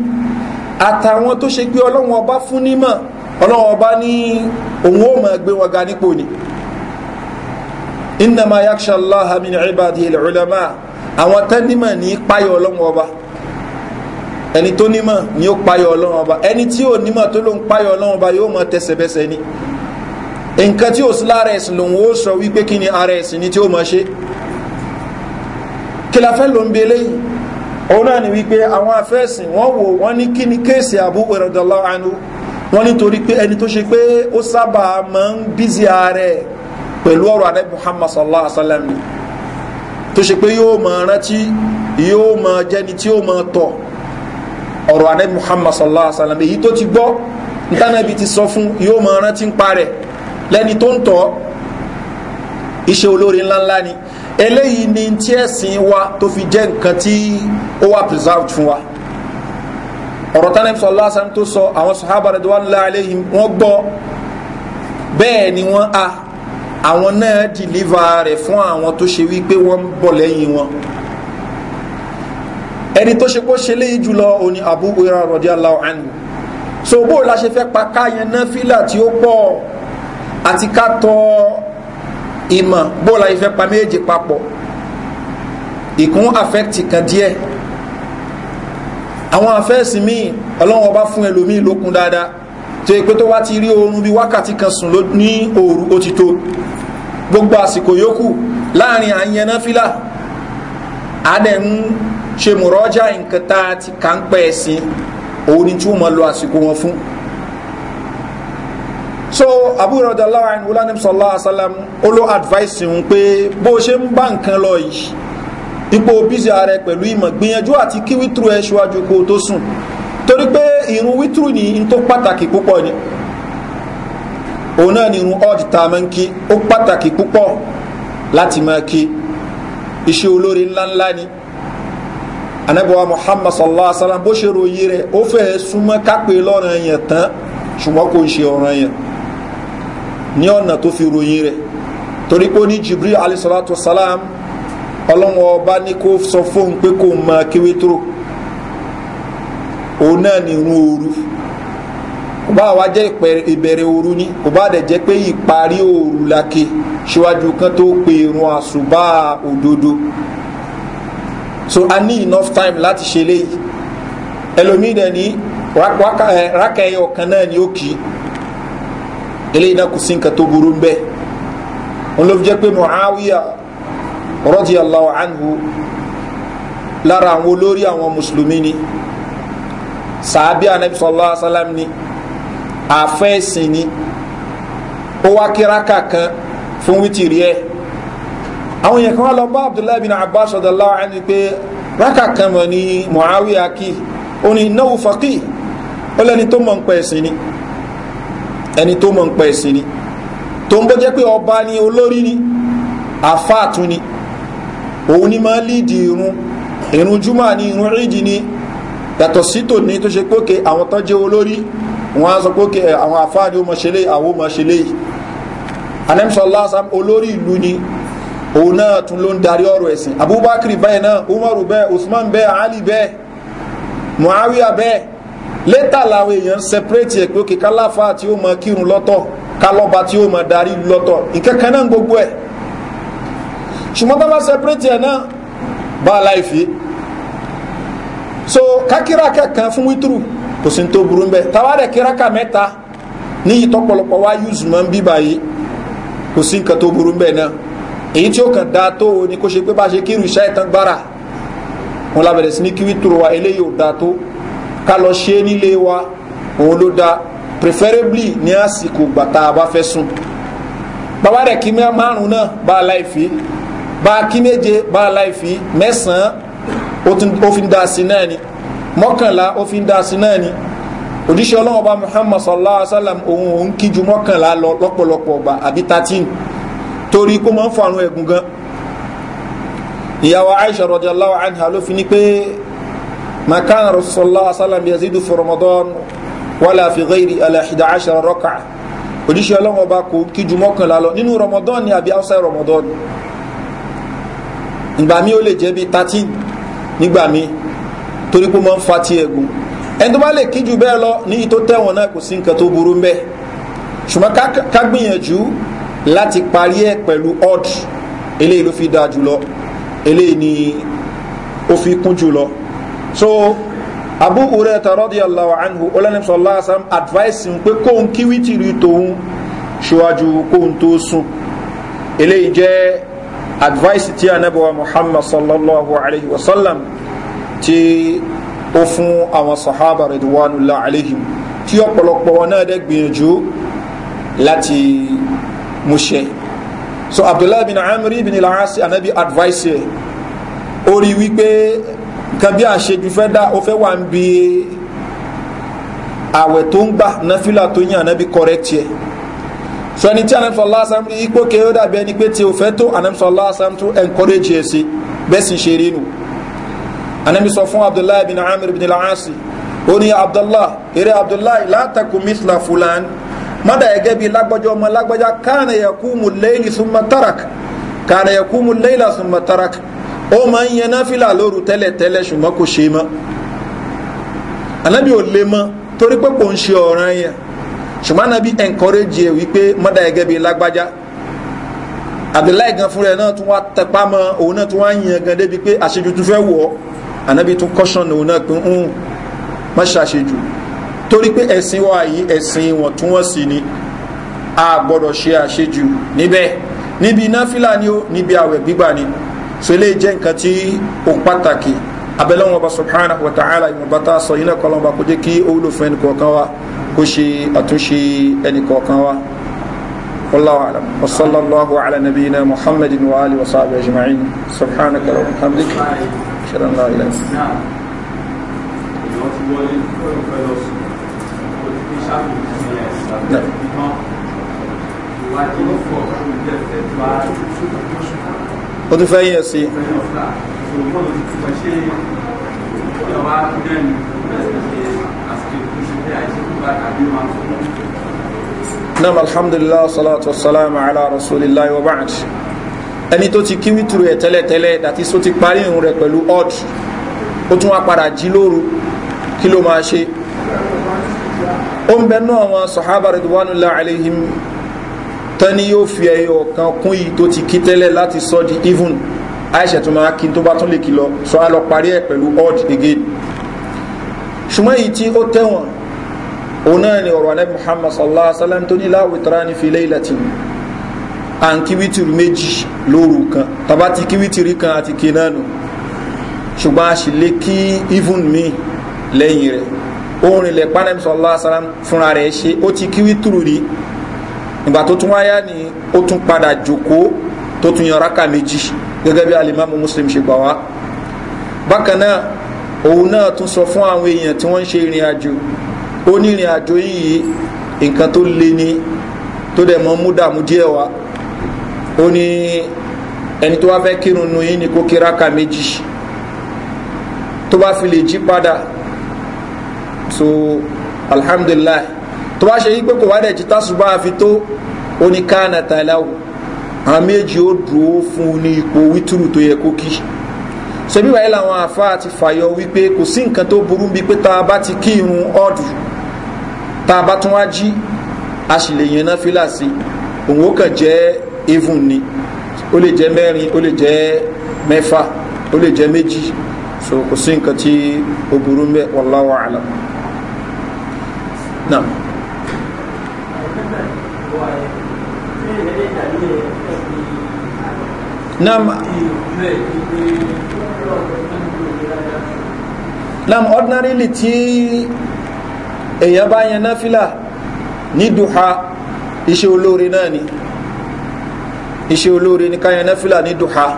àtàwọn tó ṣe gbé ọlọ́wọ́n ọba fún nímọ̀ ọlọ́wọ́n ọba ní òun ó máa gbé wọn ga nípò ni innama yaksha allah min ibadihi al-ulama àwọn tán nímọ̀ ní páyọ̀ ọlọ́wọ́n eni ẹni tó nímọ̀ ni ó páyọ̀ ọlọ́wọ́n ọba ẹni tí ò nímọ̀ tó ló ń páyọ̀ ọlọ́wọ́n ọba yóò máa tẹsẹ̀bẹsẹ̀ ni nǹkan tí ò sí lára ẹ̀sìn lòun ó sọ wípé kini ni ara ni tí ó máa ṣe kí la fẹ́ ló ń bi òun náà ni wípé àwọn afẹ́sìn wọ́n wò wọ́n ní kí ni kéèsì àbúwẹ̀ rọ̀dọ̀lá anú wọ́n nítorí pé ẹni tó ṣe pé ó sábà máa ń bízi ààrẹ pẹ̀lú ọ̀rọ̀ adé muhammad sallallahu alaihi wa sallam ni tó ṣe pé yóò máa rántí yóò máa jẹni tí yóò máa tọ̀ ọ̀rọ̀ adé muhammad sallallahu alaihi wa sallam èyí tó ti gbọ́ ntánàbí ti sọ fún yóò máa rántí ń parẹ̀ lẹ́ni tó ń tọ̀ iṣẹ́ olóore ńláńlá ni eléyìí ni tí ẹ̀sìn wa tó fi jẹ́ nǹkan tí ó wà preserved fún wa ọ̀rọ̀ tánà sọ lásán tó sọ àwọn sàhábà rẹ̀ wà nílẹ̀ aléhìn wọ́n gbọ́ bẹ́ẹ̀ ni wọ́n a àwọn náà dìlíva rẹ̀ fún àwọn tó ṣe wípé wọ́n ń bọ̀ lẹ́yìn wọn ẹni tó ṣe kó ṣe léyìí jùlọ òní Abu Hurairah radiyallahu anhu so bó la ṣe fẹ́ pa káyẹn náà fílà tí ó pọ̀ àti ká tọ́ ọ ìmọ̀ bóòlà ìfẹ́ pa méjì papọ̀ ìkún àfẹ́tì kan díẹ̀ àwọn àfẹ́sì míì ọlọ́run ọba fún ẹlòmíì lókun dáadáa tó yẹ pé tó wá ti rí oorun bí wákàtí kan sùn ní òru ó ti tó gbogbo àsìkò yòókù láàrin àyẹnà fílà adẹ̀ ń ṣe mùrọ́jà nǹkan tá a ti kà ń pẹ́ ẹ̀sìn òun ni tí wọ́n mọ lo àsìkò wọn fún so abu radallahu anhu wula ni sallallahu alaihi wasallam olo advice ń pé bó ṣe ń bá nǹkan lọ yìí ipò bísí ààrẹ pẹ̀lú ìmọ̀ gbìyànjú àti kí wítúrú ẹ ṣíwájú kó tó sùn torí pé ìrun wítúrú ni in tó pàtàkì púpọ̀ ni òun náà ni ìrun ọ́ọ̀dì tá a máa ń kí ó pàtàkì púpọ̀ láti máa kí iṣẹ́ olóore ńláńlá ni anabiwa muhammad sallallahu alaihi wasallam bó ṣe ròyìn rẹ̀ ó fẹ́ súnmọ́ kápẹ́ lọ́rọ̀ yẹn tán ṣùgbọ́n kò ń ṣe ọ̀ràn yẹn ni ọ̀nà tó fi ròyìn rẹ̀ torí pé ó ní jibril alisalatu salam ọlọ́wọ́n ọba ní kó sọ fóun pé kó mọ kéwé tó òun náà ní irun ooru kò bá wa jẹ́ ìbẹ̀rẹ̀ ooru ní ọba bá jẹ́ pé ìparí ooru lake ṣíwájú kan tó pe irun àṣùbà òdodo so i need enough time láti ṣe léyìí ẹlòmíì dẹ̀ ní rákà kan náà ni ó kì í eléyìí náà kò sí nǹkan tó burú bẹ́ẹ̀ wọn ló fi jẹ́ pé muawiya radiyallahu anhu lára àwọn olórí àwọn mùsùlùmí ni sàábí anabi sallallahu alaihi wasallam ni àfẹ́sìn ni ó wá kíráka kan fún wítìrí ẹ̀ àwọn èèyàn kan wá lọ bá abdullahi bin abbas radiyallahu anhu pé ráka kan mọ̀ ní muawiya kí ó ní náwó faqih ó lẹ́ni tó mọ̀ ń pẹ̀ ni. Nawu, ẹni tó mọ̀ ń pẹ́ sí ni tó ń bó jẹ́ pé ọba ni olórí ni àfáàtún ni òun ni máa líìdì irun irun júmọ̀ ni irun ríìdì ni yàtọ̀ sí tòní tó ṣe pókè àwọn tán jẹ́ olórí wọn á sọ pókè àwọn àfáà ni ó mọ̀ ṣe àwọn ó mọ̀ ṣe lé anẹ́mísọ̀ lásán olórí ìlú ni òun náà tún ló ń darí ọ̀rọ̀ ẹ̀sìn abubakar bẹ́ẹ̀ náà umaru bẹ́ẹ̀ usman bẹ́ẹ̀ ali bẹ́ẹ̀ muawiya bẹ́ẹ̀ létà làwọn èèyàn separate ẹ̀ pé ó kì kálàfà tí ó mọ kírun lọ́tọ̀ kálọ́ba tí ó mọ darí lọ́tọ̀ ìkẹ́kẹ́ náà gbogbo ẹ̀ ṣùgbọ́n bá bá separate ẹ̀ náà bá aláìfi so kákírà kẹ̀kan fún wítúrù kò sí tó burú mbẹ́ tàwa rẹ̀ kíraka mẹ́ta ní ìtọ́pọ̀lọpọ̀ wá yúùsù mọ́ bí báyìí kò sí nǹkan tó burú mbẹ́ náà èyí tí ó kàn dáa tó ni kó ṣe pé bá ṣe kírun iṣẹ́ ìtàn gbára wọn lábẹ̀rẹ̀ sí ní kí wítúrù wa eléyìí ò dáa tó ká lọ ṣe nílé wa òun ló da preferably ní àsìkò ìgbà tá a bá fẹ́ sùn bàbá rẹ̀ kí márùn náà bá a láì fi bá a kí méje bá a láì fi mẹ́sàn-án ó fi ń da sí náà ni mọ́kànlá ó fi ń da sí náà ni òjíṣẹ́ ọlọ́wọ́ bá muhammad sallallahu alaihi wasallam òun òun kí ju mọ́kànlá lọ lọ́pọ̀lọpọ̀ ọgbà àbí 13 torí kó máa ń fọ àrùn ẹ̀gùn gan ìyàwó aisha rọjàláwà anha ló fi ní pé ما كان رسول الله صلى الله عليه وسلم يزيد في رمضان ولا في غير على 11 ركعة ojúṣe ọlọ́wọ́ bá kò kí ju mọ́kànlá lọ nínú ramadan ni àbí outside ramadan ìgbà mi ó lè jẹ́ bí 13 nígbà mi torí pé mọ́ ń fa ti ẹ̀gùn ẹni tó bá lè kí ju bẹ́ẹ̀ lọ ní ìtó tẹ̀wọ̀n náà kò sí nǹkan tó burú mbẹ́ ṣùgbọ́n ká gbìyànjú láti parí ẹ̀ pẹ̀lú odd eléyìí ló fi dáa jùlọ eléyìí ni ó fi kún jùlọ so abu ureta radiyallahu anhu olóyìn sọlá asam advice ń pé kóhun kíwítìrì tòun ṣíwájú kóhun tó sùn eléyìí jẹ́ advice tí anabawa muhammad sallallahu alayhi wa sallam tí ó fún àwọn sahaba ridwanullah alayhim tí ọ̀pọ̀lọpọ̀ wọn náà dẹ́ gbìyànjú láti mú so abdullahi bin amri bin ilhasi anabi advice ẹ̀ ó rí wípé nǹkan bí àṣejù fẹ́ dá o fẹ́ wà ń bi àwẹ̀ tó ń gbà náfìlà tó yàn náà bí kọ́rẹ́tì ẹ̀ so ẹni tí anamsọ lásán rí ipò kẹ́ ó dàbí ẹni pé tí o fẹ́ tó anamsọ lásán tó encourage ẹ̀ sí bẹ́ẹ̀ sì ṣe rí nu anami fún abdullahi bin amir bin al-asi abdullahi eré abdullahi látàkùn mithla fulan mọ́dà ẹgẹ́ bíi lágbọ́jọ́ ọmọ lágbọ́já kánà yakumu lẹ́yìn súnmọ́ tarak kánà yakumu lẹ́yìn súnmọ́ tarak ó máa ń yan náfìlà lóru tẹ́lẹ̀ tẹ́lẹ̀ ṣùgbọ́n kò ṣe mọ́ anábì ò lè mọ́ torí pé kò ń ṣe ọ̀ràn yẹn ṣùgbọ́n anábì encourage ẹ̀ wípé mọ́dà ẹ̀gẹ́ bíi lágbájá abdullahi gan fúnra ẹ̀ náà tún wá tẹpá mọ́ òun náà tún wá yan gan débi pé àṣejù tún fẹ́ wọ̀ ọ́ anábì tún caution òun náà pé ń má ṣàṣejù torí pé ẹ̀sìn wa yìí ẹ̀sìn wọ̀ntúnwọ̀nsì ni a gbọ́dọ̀ ṣe àṣejù níbẹ̀ níbi náfìlà ni ó níbi àwẹ̀ gbígbà ni so eléyìí jẹ́ nǹkan tí ó pàtàkì abẹ́lẹ́wọ̀n ọba subhana wa ta'ala ìwọ̀nba tá a sọ yìí náà kọ́ lọ́nba kó jẹ́ kí ó wúlò fún ẹnìkọ̀ọ̀kan wa kó ṣe àtúnṣe ẹnìkọ̀ọ̀kan wa والله أعلم وصلى الله على نبينا محمد وآله وصحبه أجمعين سبحانك اللهم وبحمدك أشهد أن لا إله إلا أنت نعم ó tún fẹ́ yẹ̀ sí nam alhamdulillah salatu wassalamu ala rasulillah wa ba'd ẹni tó ti kíwí turu ẹ̀ tẹ́lẹ̀tẹ́lẹ̀ dàtí só ti parí ìrun rẹ̀ pẹ̀lú ọ́d ó tún wá padà jí lóru kí ló máa ṣe ó ń bẹ náà wọn sọ̀hábà ridwanullahi tán ni yóò fi ẹyọ kan kún yìí tó ti kí tẹ́lẹ̀ láti sọ di even aisha tó máa kí tó bá tún lè kí lọ sọ á lọ parí ẹ̀ pẹ̀lú odd again ṣùgbọ́n èyí tí ó tẹ̀wọ̀n òun náà ni ọ̀rọ̀ anabi muhammad sallallahu alayhi wa sallam tó ní láwùtara ní fi lẹ́yìn latin à ń kí wítìrì méjì lóru kan tàbá ti kí kan àti kí náà nù ṣùgbọ́n a sì lè kí even mi lẹ́yìn rẹ̀ orin lẹ̀ panamis sallallahu alayhi wa sallam fúnra rẹ̀ ṣe ó ti kí rí ìgbà tó tún wáyá ni ó tún padà jòkó tó tún yan raka méjì gẹ́gẹ́ bí alimami muslim ṣe gbà wá bákan náà òun náà tún sọ fún àwọn èèyàn tí wọ́n ń ṣe ìrìn àjò ó ní ìrìn àjò yìí nǹkan tó le ni tó dẹ̀ mọ́ mú dààmú díẹ̀ wá ó ní ẹni tó wá fẹ́ kírun nu yín ni kó kí raka méjì tó bá fi lè jí padà so alhamdulilayi tó bá ṣe yí pé kò wá dẹ̀ jí tásùbá àfi tó oníkàánà tàìláwò àwọn méjì ó dúró fún un ní ipò wítúrù tó yẹ kó kí ṣebí wáyé làwọn àfa àti fàyọ wípé kò sí nǹkan tó burú bíi pé tá a bá ti kí irun ọdù tá a bá tún wá jí a sì lè yẹn náà fílà òun ó kàn jẹ́ even ni ó lè jẹ́ mẹ́rin ó lè jẹ́ mẹ́fà ó lè jẹ́ méjì kò sí nǹkan tí ó burú bẹ́ẹ̀ wàláwà àlà nam ordinarily tí èèyàn bá yan náfìlà ní duha iṣẹ́ olóore náà ni iṣẹ́ olóore ní káyan náfìlà ní duha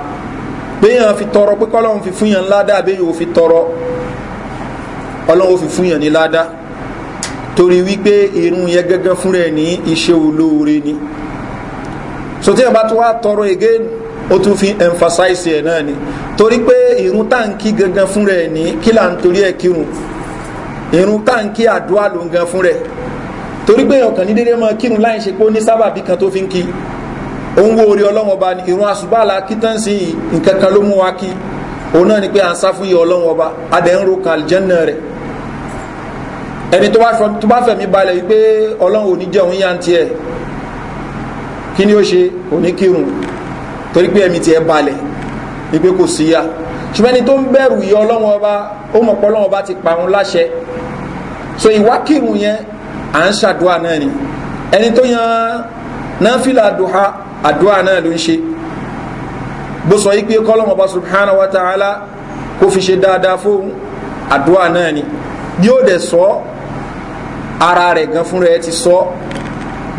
béèyàn fi tọrọ pé kọ́lọ́hún fi fún yàn ládàá béèyàn ò fi tọrọ ọlọ́hún fi fún yàn ní ládàá torí wípé irun yẹn gẹ́gẹ́ fúnra ẹ̀ ní iṣẹ́ olóore ni sotí ẹ̀ bá tó wá tọrọ again ó tún fi emphasize ẹ̀ náà ni torí pé irun táǹkì gangan fún rẹ̀ ní kí là ń torí irun táǹkì àdúrà ló ń gan fún rẹ̀ torí pé ọkàn ní dédé máa kírun láì ṣe pé ó ní kan tó fi ń kí òun wo orí ọlọ́wọ́n ọba ni irun àṣùbàlà kíntàn sí nǹkan kan wa kí òun náà ni pé à ń iye ọlọ́wọ́n ọba adẹ̀ ń ro rẹ̀ ẹni tó bá fẹ̀mí balẹ̀ wípé yá ń tiẹ̀ kí torí pé ẹ̀mí tiẹ̀ balẹ̀ ni pé kò síyà ṣùgbọ́n ẹni tó ń bẹ̀rù ìyá ọlọ́run ọba ó mọ̀ pé ọlọ́run ọba ti parun láṣẹ so ìwákìrùn yẹn à ń ṣàdúrà náà ni ẹni tó yan náfìlà àdúrà àdúrà náà ló ń ṣe bó sọ yìí pé kọ́lọ́run ọba subhanahu wa ta'ala kó fi ṣe dáadáa fóun àdúrà náà ni yóò dẹ̀ sọ ara rẹ̀ gan fúnra ẹ ti sọ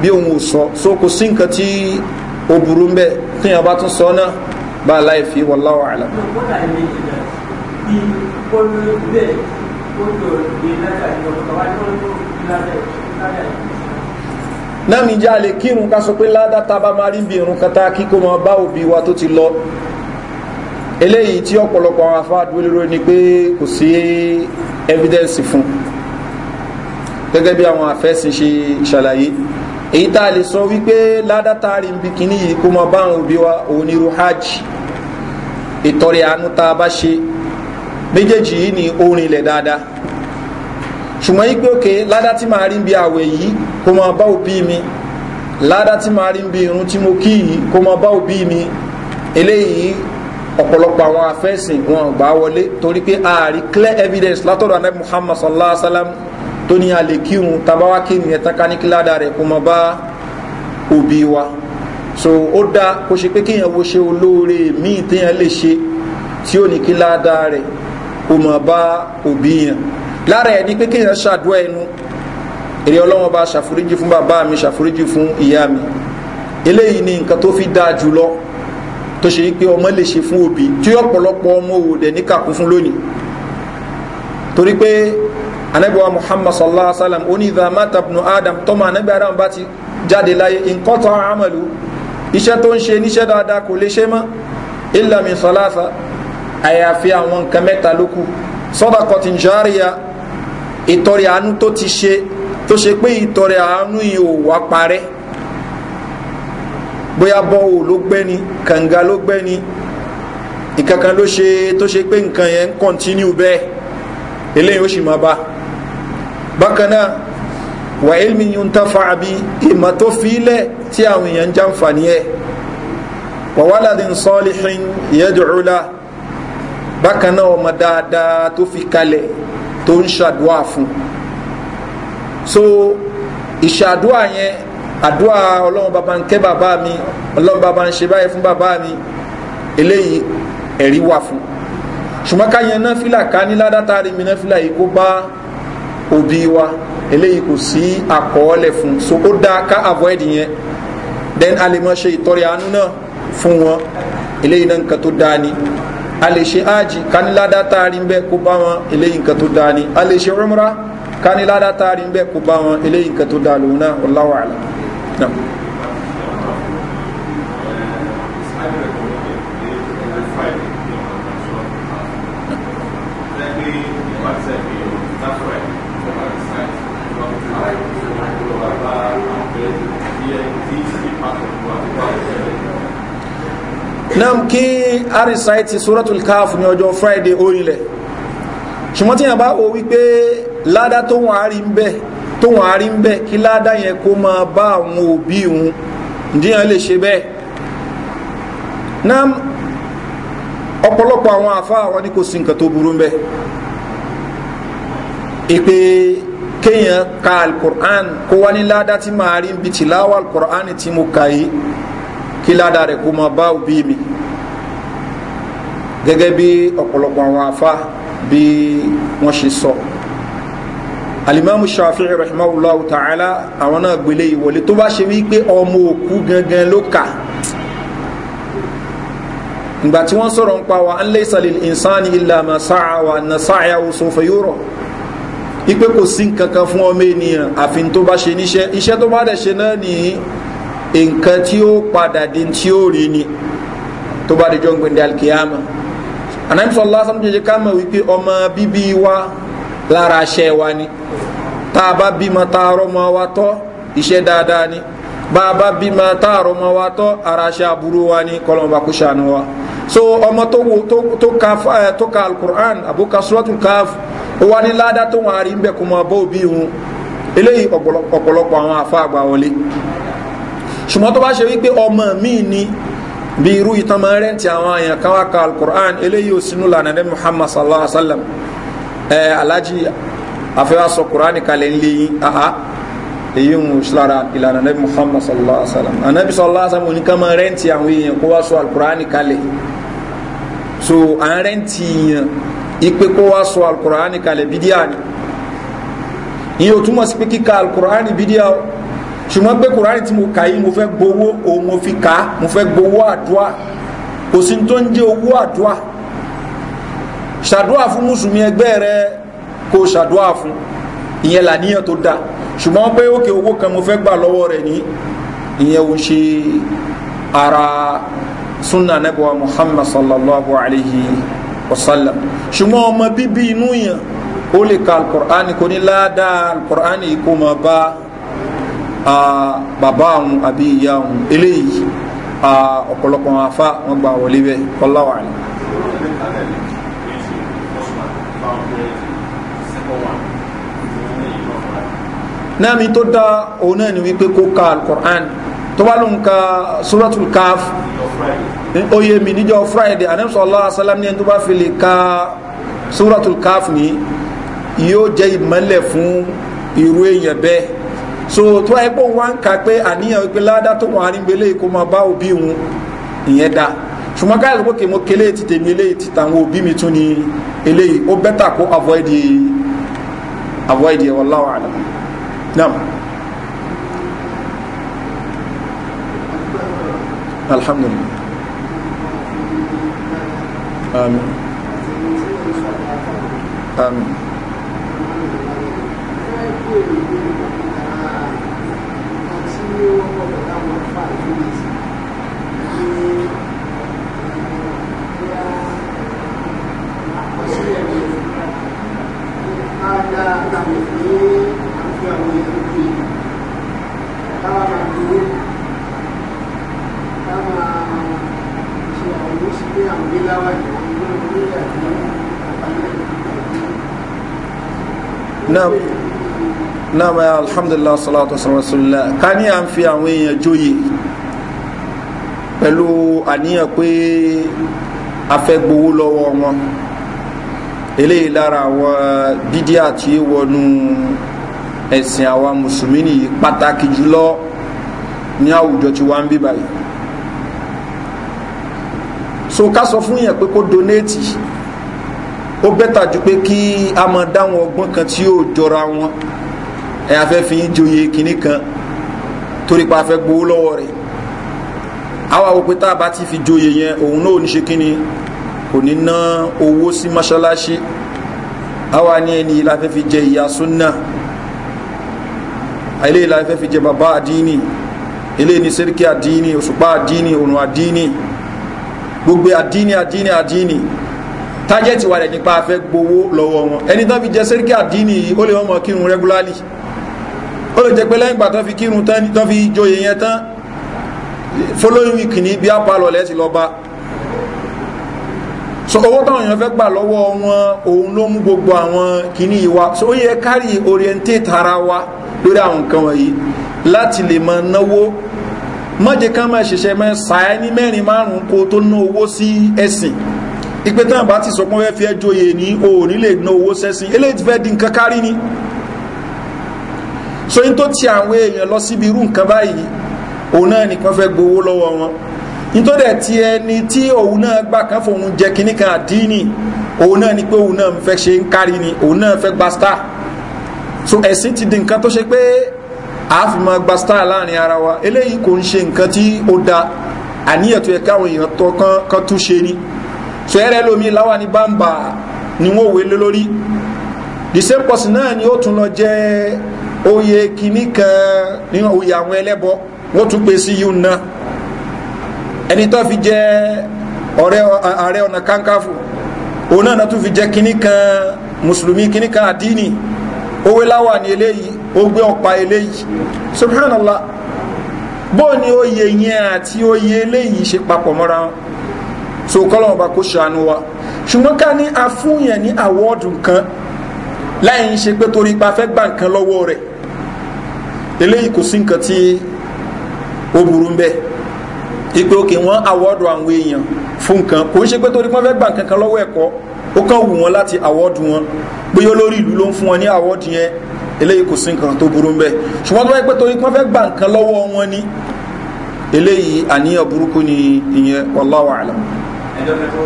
bí òun ò sọ so kò sí nǹkan tí ó burú mbẹ tí yàn bá tún sọ náà bá láì fi wallahu a'lam. náà níjà lè kírun ká sọ pé ládàá tá a bá máa rí bí irun kan tá a máa bá òbí wa tó ti lọ eléyìí tí ọ̀pọ̀lọpọ̀ àwọn afáàdúró lóró ni pé kò sí evidence fún gẹ́gẹ́ bí àwọn àfẹ́sìn ṣe ṣàlàyé èyí tá a lè sọ wípé ládátàrí ń bi kíní yìí kó máa bá òbí wa onírú hajj ìtọrẹ àánú tá a bá ṣe méjèèjì yìí ni orin ilẹ̀ dáadáa ṣùgbọ́n yí pé òkè ládá tí màá rí ń bi àwẹ̀ yìí kó máa bá òbí mi ládá tí màá rí ń bi irun tí mo kí yìí kó máa bá òbí mi eléyìí ọ̀pọ̀lọpọ̀ àwọn afẹ́sìn wọn gbà wọlé torí pé ààrí clear evidence látọ̀dọ̀ anabi muhammad sallallahu alaihi wa sallam toni ní a lè tabawa kírun yẹn tán ká ní kíládà rẹ̀ so ó dá kó ṣe pé kéèyàn wo ṣe olóore míì téèyàn lè ṣe tí ó ní kíládà rẹ̀ kó mọ bá òbí yẹn lára ẹ̀ ni pé kéèyàn ṣàdúrà ẹnu èrè ọlọ́wọ́n bá ṣàforíjì fún mi ṣàforíjì fún ìyá mi eléyìí ni nǹkan tó fi dáa jùlọ tó ṣe pé ọmọ lè ṣe fún òbí tí ọ̀pọ̀lọpọ̀ ọmọ òwò dẹ̀ níkàkún fún lónìí torí pé anabi wa muhammad sallallahu alaihi wa sallam idha mata ibnu adam tọ́mọ anabi adam bá ti jáde láyé inqata amalu iṣẹ́ tó ń ṣe níṣẹ́ dáadáa kò lè ṣe mọ́ illa min salasa àyàfi àwọn nǹkan mẹ́ta ló kù sadaqatin jariya ìtọrẹ àánú tó ti ṣe tó ṣe pé ìtọrẹ àánú yìí ò wá parẹ́ bóyá bọ́wò ló gbẹ́ni kànga ló gbẹ́ni ìkankan ló ṣe tó ṣe pé nǹkan yẹn ń kọ́ntínú bẹ́ẹ̀ eléyìí ó sì máa bá a bákan náà wà ilmi yun ta fa àbí ìmọ̀ tó fílẹ̀ tí àwọn èèyàn jàǹfààní ẹ̀ wà waladin salihin yad'u la bákan náà ọmọ dáadáa tó fi kalẹ̀ tó ń ṣàdúà fún so ìṣàdúà yẹn àdúà ọlọ́run bàbá ń kẹ́ bàbá mi ọlọ́run bàbá ń ṣe báyìí fún bàbá mi eléyìí ẹ̀rí wà fún ṣùgbọ́n ká yẹn náà fìlà ká ní ládàtà rí mi náà fìlà yìí kó bá òbí wa eléyìí kò sí àkọọ́lẹ̀ fún so ó dáa ká avoid yẹn then a lè mọ ṣe ìtọrẹ àánú náà fún wọn eléyìí náà nǹkan tó dáa ni a lè ṣe áàjì kániládá taari ń bẹ kó bá wọn eléyìí nǹkan tó dáa ni a lè ṣe rọmọra kániládá taari ń bẹ kó bá wọn eléyìí nǹkan tó dáa lòun náà wallahu nam kí a recite suratul kaf ní ọjọ́ friday orílẹ̀ ṣùgbọ́n tí yàn bá wo wípé ládá tó wọ́n àárí ń bẹ́ tó wọ́n àárí ń bẹ́ kí ládá yẹn kó máa bá àwọn òbí òun díyàn lè ṣe bẹ́ẹ̀ nam ọ̀pọ̀lọpọ̀ àwọn àfá àwọn ní kò sí nǹkan tó burú ń bẹ́ ìpè kéèyàn ka alukur'an kó wá ní ládá tí màá rí ń bi tìláwà alukur'an tí mo kà yìí kí ládàá rẹ̀ kó máa bá òbí mi gẹ́gẹ́ bí ọ̀pọ̀lọpọ̀ àwọn afá bí alimami shafi'i rahimahullahu ta'ala àwọn náà gbélé ìwọlé tó bá ṣe wípé ọmọ òkú gangan ló kà ìgbà tí wọ́n sọ̀rọ̀ ń wa an laysa lil insani illa ma sa'a wa anna sa'yahu sawfa yura ipe kò sí nǹkan kan fún ọmọ ènìyàn àfi tó bá ṣe níṣẹ́ iṣẹ́ tó bá dẹ̀ ṣe náà nìyí nǹkan tí ó padà di tí ó rí ni tó bá di jọ gbẹ̀ndẹ̀ alikiyama anamisọ lásán jẹjẹ ká mọ̀ wípé ọmọ bíbí wa lára aṣẹ wa ni tá a bá bímọ tá a rọmọ wa tọ́ iṣẹ́ dáadáa ni bá a bá bímọ tá a rọmọ wa tọ́ ara aṣẹ aburú wa ni kọlọmọba kò ṣàánú wa so ọmọ tó wo tó tó ka ẹ eh, tó ka alukur'an àbó ka suratul kaf ó wá ní ládàá tó wọn àrí ń bẹ kó mọ abọ́ òbí hun eléyìí ọ̀pọ̀lọpọ̀ àwọn àfa àgbà wọlé ṣùgbọ́n tó bá ṣe wípé ọmọ mi ni bí irú ìtàn máa rẹ́ǹtì àwọn èèyàn kan wá ka alukur'an eléyìí ò sínú lànà ní muhammad sallallahu alaihi wa sallam ẹ alájí afẹ́wà sọ kur'an kalẹ̀ ń léyìn aha èyí ń ṣílára ìlànà ní muhammad sallallahu alaihi wa sallam anabi sallallahu alaihi wa sallam oníkan máa rẹ́ǹtì àwọn èèyàn kó wá sọ alukur'an kalẹ̀ so à ń rẹ́ǹtì yẹn ipe kó wá sọ alukur'an kalẹ̀ bídíà ni ìyẹn ò túmọ̀ sí pé kíka alukur'an bídíà o ṣùgbọ́n pé kùránì tí mo kà yìí mo fẹ́ gbowó òun mo fi kà á mo fẹ́ gbowó àdúrà kò sí tó ń jẹ́ owó àdúrà ṣàdúrà fún mùsùlùmí ẹgbẹ́ rẹ kò ṣàdúrà fún ìyẹn làníyàn tó dáa ṣùgbọ́n pé òkè owó kan mo fẹ́ gbà lọ́wọ́ rẹ̀ ní ìyẹn ò ṣe ara sunna nẹ́bọ̀wá muhammad sallallahu alayhi wa sallam ṣùgbọ́n ọmọ bíbí inú yẹn ó lè ka alukur'ani kò ní ládàá alukur'ani kò máa bá a bàbá àwọn àbí ìyá àwọn eléyìí ọ̀pọ̀lọpọ̀ àwọn afá wọn gba wọlé bẹ́ẹ̀ kọ́láwà ni. náà mi tó dá òun náà ni wípé kó ka alukur'an tó bá lóun ka suratul kaf oyè mi níjọ friday anamsọ allah asalam ní ẹni tó bá fi lè ka suratul kaf ni yóò jẹ́ ìmọ̀lẹ̀ fún irú èèyàn bẹ́ẹ̀ so tó ẹ pé wọ́n ń ka pé àníyàn wípé ládá tó wọ́n á ní gbélé kó máa bá òbí òun ìyẹn dáa ṣùgbọ́n káyọ̀ sọ pé kèmọ́ kélé ti tèmi eléyìí ti tàwọn òbí mi tún ni eléyìí ó bẹ́tà kó avoid avoid ẹ̀ wọ́n láwọn alhamdulilah amin amin. náà náà máa alhamdulilah salatu wasallam rasulillah ká ní à ń fi àwọn èèyàn jóye pẹ̀lú àníyàn pé a fẹ́ gbowó lọ́wọ́ wọn eléyìí lára àwọn bídíà tí ó wọnú ẹ̀sìn àwa mùsùlùmí nìyí pàtàkì jùlọ ní àwùjọ tí wọ́n ń so ká sọ fún yẹn pé kó donate ó bẹ́tà ju pé kí a mọ̀ dáwọn ọgbọ́n kan tí yóò jọra wọn ẹ̀ afẹ́ fi ń joyè kínní kan torí pa afẹ́ gbowó lọ́wọ́ rẹ̀ àwa wo pé tá a bá ti fi joyè yẹn òun náà ò ní ṣe kínní kò ní ná owó sí mọ́ṣáláṣí àwa ní ẹni la fẹ́ fi jẹ ìyá súnà eléyìí la fẹ́ fi jẹ bàbá àdínì eléyìí ní sẹ́ríkì àdínì òṣùpá àdínì òrùn àdínì gbogbo àdínì àdínì àdínì tájẹ́tì wà rẹ̀ nípa afẹ́ gbowó lọ́wọ́ wọn ẹni tán fi jẹ sẹ́ríkì àdínì ó lè wọ́n mọ̀ kírun regularly ó lè jẹ́ pé lẹ́yìn ìgbà tán fi kírun tán fi joyè yẹn tán following week ní bí apalọ̀ lẹ́sìn lọ́ba so owó táwọn èèyàn fẹ́ gbà lọ́wọ́ wọn òun ló mú gbogbo àwọn kìíní yìí wá so ó yẹ kárí orientate ara wa lórí àwọn nǹkan wọ̀nyí láti lè máa náwó mọ́jẹ kan máa ṣẹ̀ṣẹ̀ mọ́ ṣàá ní mẹ́rin márùn kó tó ná owó sí ẹ̀sìn ìpé tán bá ti sọ pé wọ́n fẹ́ joyè ní òòrùn lè ná owó sẹ́sìn eléyìí ti di nǹkan kárí ni so in tó ti àwọn èèyàn lọ síbi irú nǹkan báyìí òun náà nìkan fẹ́ gbowó lọ́wọ́ wọn nítorí ẹ̀ ti ẹni tí òun náà gbà kán fòun jẹ kínní kan àdínì òun náà ni pé òun náà fẹ́ ṣe ń kárí ni òun náà fẹ́ gba star so ẹ̀sìn ti di nǹkan tó ṣe pé a fi máa gba star láàrin ara wa eléyìí kò ń ṣe nǹkan tí ó da àníyàn tó yẹ káwọn èèyàn tọ́ kán tún ṣe ni so ẹ̀rẹ́ lomi láwa ní bámbà ni wọ́n wé lé lórí the same person náà ni ó tún lọ jẹ́ oyè kini kan ní oyè àwọn ẹlẹ́bọ wọ́n tún pè sí yìí náà ẹni tó fi jẹ́ ọ̀rẹ́ ààrẹ ọ̀nà kankafu òun náà tún fi jẹ́ kìíní kan mùsùlùmí kìíní kan àdínì owó láwa ni eléyìí ó gbé ọ̀pá eléyìí subhanallah bó ni oyè yẹn àti oyè eléyìí ṣe papọ̀ mọ́ra wọn so kọ́lọ́wọ́n bá kó ṣàánú wa ṣùgbọ́n ká ní afúnyàn ní àwọ́ọ̀dù kan láì ń ṣe pé torí pa fẹ́ gbà nǹkan lọ́wọ́ rẹ̀ eléyìí kò sí nǹkan tí ó burú ń bẹ́ ipe òkè wọn àwọ́ọ̀dù àwọn èèyàn fún nǹkan kò ń ṣe pé torí wọ́n fẹ́ gbà nǹkan lọ́wọ́ ẹ̀kọ́ ó kàn wù wọn láti àwọ́ọ̀dù wọn pé olórí ìlú ló ń fún wọn ní àwọ́ọ̀dù yẹn eléyìí kò sí nǹkan tó burú ń bẹ ṣùgbọ́n tó bá yẹ pé torí pé wọ́n fẹ́ gba nǹkan lọ́wọ́ wọn ni eléyìí àníyàn burúkú ni ìyẹn wallahu a'lam. ẹjọ́ mi tó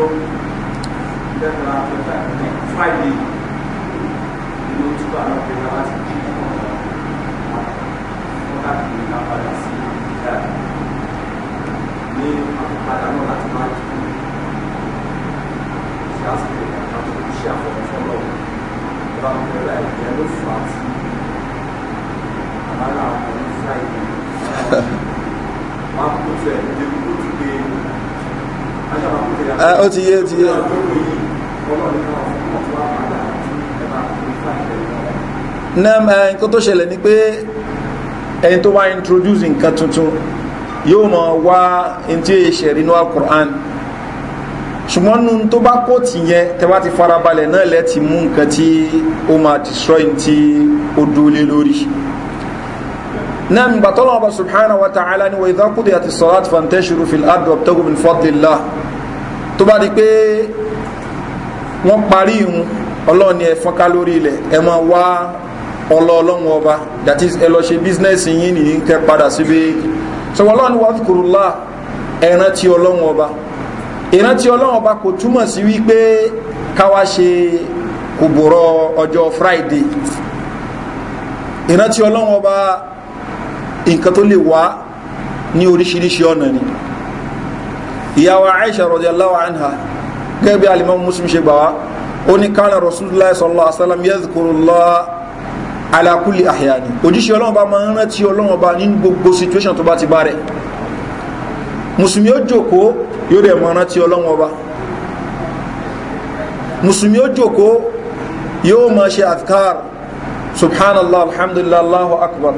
jẹ́ kí n máa fẹ́ fáìlì ìlú tí wàá lọ pé náà láti jí wọn káàkiri náà padà sí ìjà ní àpòpadà náà láti máa jí ṣe àṣìlẹ̀ àti ṣe àfọwọ́fọ́ lọ́wọ́ bá fẹ́ láì Ah, ó ti yé ó ti yé náà eh, nǹkan tó ṣẹlẹ̀ ni pé ẹni tó wá introduce nǹkan tuntun yóò mọ̀ wá in tí è ṣẹ̀rí ní al-Qur'an ṣùgbọ́n nínú tó bá kó ti yẹn tẹ́wá ti farabalẹ̀ náà lẹ́ ti mú nǹkan tí ó máa destroy tí ó dúlé lórí náà nígbà tọ́lọ́ ọba subhanahu wa ta'ala ni wọ́n ìdákùdé àti sọ́lát fantashiru fil ardi wabtagu min fadlillah tó bá di pé wọ́n parí ìhun ọlọ́ọ̀ni ẹ̀ fọ́nká lórí ilẹ̀ ẹ̀ máa wá ọlọ́ọ̀lọ́wọ́ ọba that is ẹ lọ ṣe bísínẹ́sì yín nìyí kẹ padà síbi sọ̀wọ́n ọlọ́ọ̀ni wà kúrúlá ẹ̀ràn tí ọlọ́wọ́ ọba ìran ọlọ́wọ́ ọba kò túmọ̀ sí wípé káwa ṣe kòbòrọ̀ ọjọ́ friday ìran ọlọ́wọ́ ọba nǹkan tó lè wá ní oríṣiríṣi ọ̀nà ni ìyàwó aisha radiyallahu anha gẹ́gẹ́ bí alimọ́ muslim ṣe gbà wá ó ní kánà rasulullah sallallahu alaihi wasallam yadhkurullah ala kulli ahyani òjíṣẹ́ ọlọ́run bá máa ń rántí ọlọ́run bá nínú gbogbo situation tó bá ti bá rẹ̀ mùsùlùmí ó jòkó yóò dẹ̀ máa rántí ọlọ́run ọba mùsùlùmí ó jòkó yóò máa ṣe adhkar subhanallah alhamdulillah allahu akbar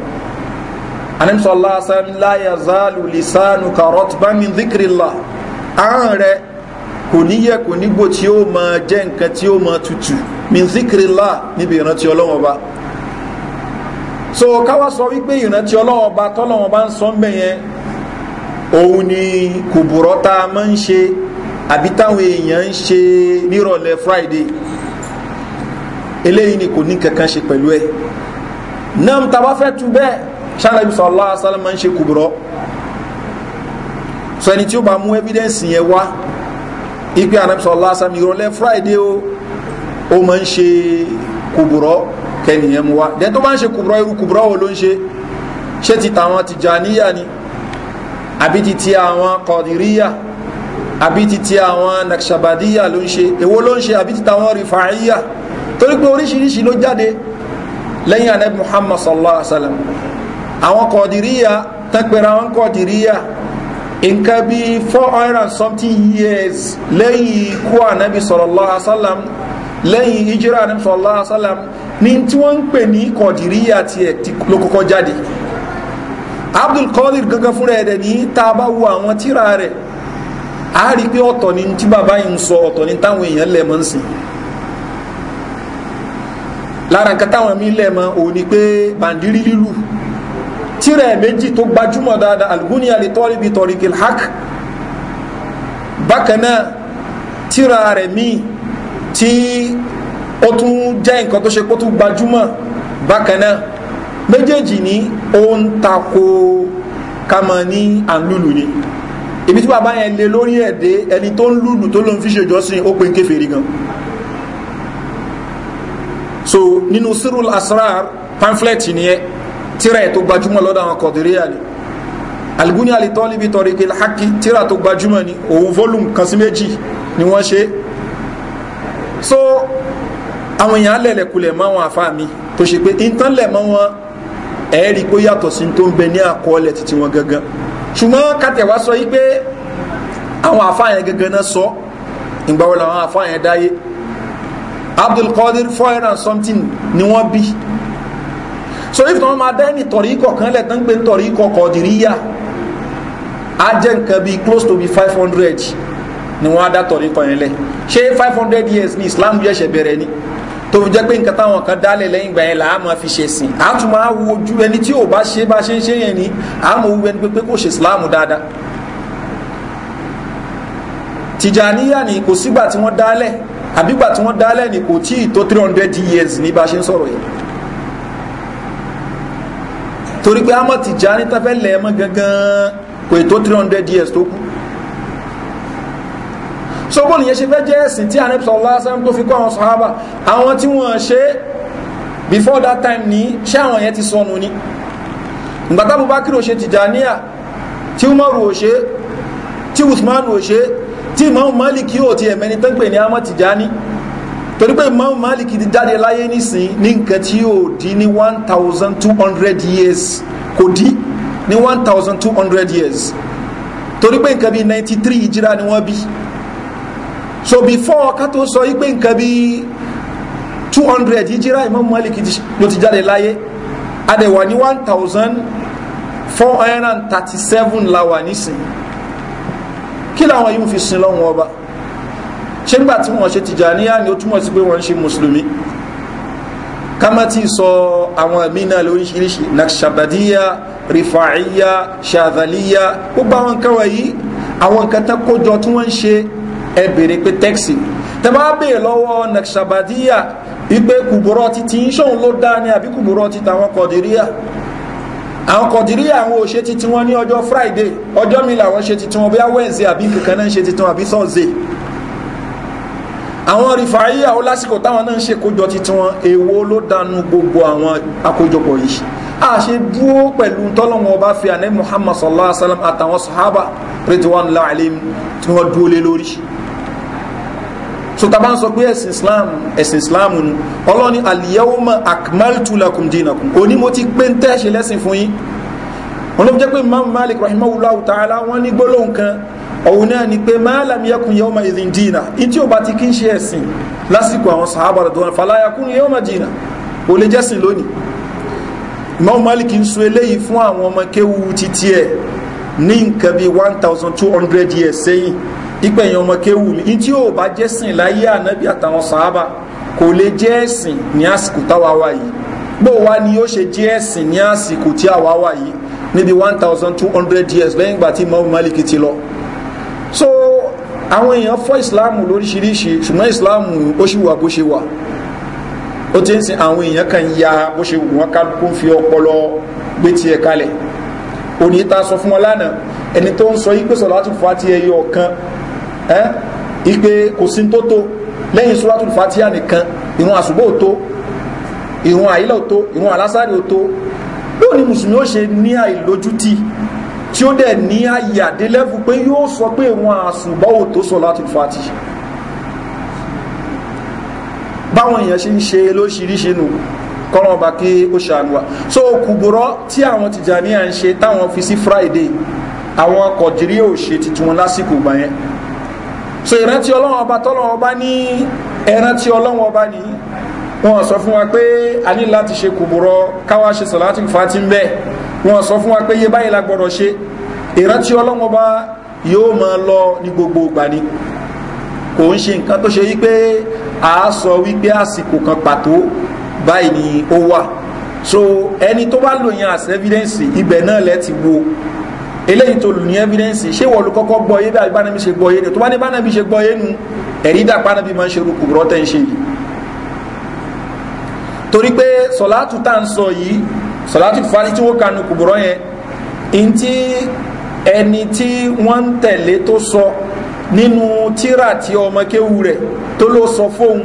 anabi sallallahu alaihi wasallam la yazalu lisanuka ratban min dhikrillah ahọ́n rẹ kò ní yẹ kò ní gbò tí ó máa jẹ́ nǹkan tí ó máa tutù min dhikrillah níbi ìrántí Ọlọ́hun Ọba so káwá sọ wípé ìrántí Ọlọ́hun Ọba ń sọ ń bẹ̀yẹn òun ni kùbùrọ́ tá a máa ń ṣe àbí táwọn èèyàn ń ṣe nírọ̀lẹ́ Friday eléyìí ni kò ní kankan ṣe pẹ̀lú ẹ̀ náà tá tu bẹ́ẹ̀ ṣáàlẹ́bí sọ̀lá asálẹ̀ máa ń ṣe kùbùrọ̀ sọ ẹni tí ó bá mú evidence yẹn wá ipe ànábì sọ̀lá asálẹ̀ ìrọ̀lẹ́ friday ó ó máa ń ṣe kùbùrọ̀ kẹ́nìyẹn mú wá dẹ́n tó bá ń ṣe kùbùrọ̀ irú kùbùrọ̀ wo ló ń ṣe ṣé ti tàwọn tìjàníyà ni àbí ti ti àwọn kọ̀dìríyà àbí ti ti àwọn nakṣabadiya ló ń ṣe èwo ló ń ṣe àbí ti tàwọn rifaiya torí pé oríṣiríṣi ló jáde lẹ́yìn anabi muhammad sallallahu àwọn kọ̀dìríyà tẹ́pẹ̀rẹ̀ àwọn kọ̀dìríyà nǹkan bí 400 and something years lẹ́yìn ikú ànábi sallallahu alaihi wasallam lẹ́yìn ìjírà ànábi sallallahu alaihi wasallam ní tí wọ́n ń pè ní kọ̀dìríyà tiẹ̀ ló kọ́kọ́ jáde abdul qadir gangan fúnra dẹ̀ ní tá a bá wo àwọn tíra rẹ̀ a rí pé ọ̀tọ̀ ni tí bàbá yìí ń sọ ọ̀tọ̀ ni táwọn tíra ẹ̀ méjì tó gbajúmọ̀ dáadáa algunia lè tọ́rí bí tọ́rí kilhak bákan náà tíra rẹ̀ míì tí ó tún jẹ́ nǹkan tó ṣe pé ó tún gbajúmọ̀ bákan náà méjèèjì ní ó tako kama ní àlùlù ni ibi tí bàbá yẹn lè lórí ẹ̀dẹ́ ẹni tó ń lùlù tó ló ń fi ṣèjọ́sìn ó pe ń kéfèé gan so nínú cyril asrar pamphlet nìyẹn tíra ẹ̀ tó gbajúmọ̀ lọ́dọ̀ àwọn kọ̀dìríyà ni Al-Ghuni Ali Talibi Tariqi al-Haqqi tíra tó gbajúmọ̀ ni òun volume kan sí ni wọ́n ṣe so àwọn èèyàn lẹ̀lẹ̀kulẹ̀ mọ́ àwọn àfáà mi tó ṣe pé ìtànlẹ̀ mọ́ wọn ẹ̀ẹ́rì pé yàtọ̀ sí tó ń bẹ ní àkọọ́lẹ̀ títí wọn gangan ṣùgbọ́n kàtẹ̀wá sọ yí pé àwọn àfáà yẹn gangan náà sọ ìgbàwọ̀lẹ̀ àwọn àfáà yẹn dáyé Abdul four hundred and something ni wọ́n bí so if wọ́n máa dẹ́ni tọ̀rí kọ̀ọ̀kan lẹ̀ tán gbé tọ̀rí kọ̀ọ̀kọ̀ dìríyà á jẹ́ nǹkan bíi close to be five hundred ni wọ́n á dá tọ̀rí kọ̀ yẹn lẹ̀ five hundred years ni islam yẹ̀ṣẹ̀ bẹ̀rẹ̀ ni tó fi jẹ́ pé nǹkan táwọn kan dálẹ̀ lẹ́yìn ìgbà yẹn là á máa fi ṣe sìn á tún máa wo ojú ẹni tí ò bá ṣe bá ṣe ń ṣe yẹn ni á mọ islam Dada. tìjàníyà ni kò sígbà tí wọ́n dálẹ̀ àbígbà tí wọ́n dálẹ̀ ni kò tí ì tó three hundred years ní bá ṣe ń sọ̀rọ̀ yẹn torí pé Ahmad Tijani tafẹ́ lẹ̀ mọ́ gangan kò ètò three hundred years tó kù sọ́gbọ́n nìyẹn ṣe fẹ́ jẹ́ ẹ̀sìn tí Ànábì sallallahu alaihi wasallam tó fi kọ́ àwọn sàhábà àwọn tí wọ́n ṣe before that time Ni ṣé àwọn yẹn ti sọnù ni ìgbàtà Abubakar ò ṣe Tijaniya tí Umaru ò ṣe tí Usman ò ṣe tí Imam Malik yóò ti ẹ̀mẹ́ni tán pè ní Ahmad Tijani torí pé imam malik ti jáde láyé nísìn ní nǹkan tí yóò di ní one thousand two hundred years kò di ní one thousand two hundred years torí pé nǹkan bíi ninety three ìjìrá ni wọ́n bí so before ká tó sọ yí pé nǹkan bíi two hundred ìjìrá imam malik ló ti jáde láyé adẹ̀wà ní one thousand four hundred and thirty seven la wà nísìn kí làwọn yóò fi sin lọ́wọ́ ọba ṣé nígbà tí wọ́n ṣe tìjàníyà ni ó túmọ̀ sí pé wọ́n ń ṣe mùsùlùmí kamati sọ àwọn ẹ̀mí náà lóríṣiríṣi nakṣabadiya rifaiya ṣadaliya gbogbo àwọn nǹkan wọ̀nyí àwọn nǹkan tán kójọ tí wọ́n ń ṣe ẹ bèrè pé tẹ́ksì tẹ́bá bèè lọ́wọ́ nakṣabadiya wípé kùbùrọ̀ ti ti ń ṣòun ló dá ní àbí kùbùrọ̀ ti tàwọn kọ̀dìríyà àwọn kọ̀dìríyà àwọn ò ṣe titi wọn ní ọjọ́ friday ọjọ́ mi làwọn ṣe titi wọn bí wednesday àbí kankan náà ṣe titi wọn àbí thursday àwọn rìfàáyí àwọn lásìkò táwọn náà ń ṣe kójọ titi wọn èwo ló dánú gbogbo àwọn àkójọpọ̀ yìí a ṣe dúró pẹ̀lú tọ́lọ́wọ́n ọba fi àná muhammad sallallahu alaihi wa sallam àtàwọn sahaba ridwanullahi alaihim tí wọ́n dúró lé lórí sotaba ń sọ pé ẹ̀sìn islam ẹ̀sìn islam nu ọlọ́ni aliyahuma akmaltu lakum òní mo ti pé ń tẹ́ ṣe lẹ́sìn fún yín wọn ló jẹ́ pé imam malik rahimahullah ta'ala wọ́n ní gbólóhùn kan òun náà ni pé ma lam yakun yawma idhin dina in tí ó bá ti kí ń ṣe ẹ̀sìn lásìkò àwọn sàhábà tó wọn fala yakun yawma dina ò lè jẹ́sìn lónìí Imam Malik ń sọ eléyìí fún àwọn ọmọ kéwu títí ẹ̀ ní nǹkan bí one thousand two hundred years sẹ́yìn ìpẹ̀yìn ọmọ kéwu mi in tí ó bá jẹ́sìn láyé ànábì àtàwọn sàhábà kò lè jẹ́ ní àsìkò táwa wà yìí bó wa ni ó ṣe jẹ́ ní àsìkò tí àwa wà yìí níbi one thousand two hundred years lẹ́yìn ìgbà tí Imam Malik ti lọ àwọn èèyàn fọ́ ìsìláàmù lóríṣiríṣi ṣùgbọ́n ìsìláàmù ó ṣì wà bó ṣe wà ó ti ń sin àwọn èèyàn kan ya bó ṣe wù wọ́n kálukú fi ọpọlọ gbé tiẹ̀ kalẹ̀ òní ta sọ fún wọn lánàá ẹni tó ń sọ yí pé sọ̀látù fàtí ẹyọ kan ẹ́ ipe kò sí tó tó lẹ́yìn sọ̀látù fàtí ànìkan ìrun àṣùbọ̀ ò tó ìrun àyílẹ̀ ò tó ìrun àlásàrì ò tó bóò ni mùsùlùmí ó ṣe ní àìlójútì tí ó dẹ̀ ní ayé àdélẹ́fù pé yóò sọ pé wọn àsùnbọ́wò tó sọ láti fati báwọn èèyàn ṣe ń ṣe lóṣìíríṣìí nù kọ́nà ọba kí ó ṣàánú wa so kùbùrọ́ tí àwọn tìjànì à ń ṣe táwọn fi sí friday àwọn kọ̀jírí ò ṣe titun lásìkò gbà yẹn so ìrántí ọlọ́wọ́n ọba tọ́lọ́wọ́n ọba ní ẹrántí ọlọ́wọ́n ọba ní wọn sọ fún wa pé a ní láti ṣe kùbùrọ́ káwá ṣe sọ̀látì fati ń bẹ́ẹ̀ wọn sọ fún wa pé iye báyìí la gbọ́dọ̀ ṣe ìrántí ọlọ́wọ́n bá yóò máa lọ ní gbogbo ìgbà ni kò ń ṣe nǹkan tó ṣe wípé a sọ wípé àsìkò kan pàtó báyìí ni ó wà so ẹni tó bá lò as evidence ibẹ̀ náà lẹ́ ti wo eléyìí tó lù ní evidence ṣé wọ́n lu kọ́kọ́ gbọ́ yé bí àbí bánabi ṣe gbọ́ yé ni tó bá ní bánabi ṣe gbọ́ yé nu ẹ̀rí dà bánabi máa ń ṣe rúkú rọ́tẹ́ ń ṣe yìí torí pé sọ̀látù tá à ń sọ yìí sọlátù fati tí wọ́n kanu kùbùrọ̀ yẹn ntí ẹni tí wọ́n ń tẹ̀lé tó sọ nínú tíra tí ọmọ kéwu rẹ̀ tó ló sọ fóun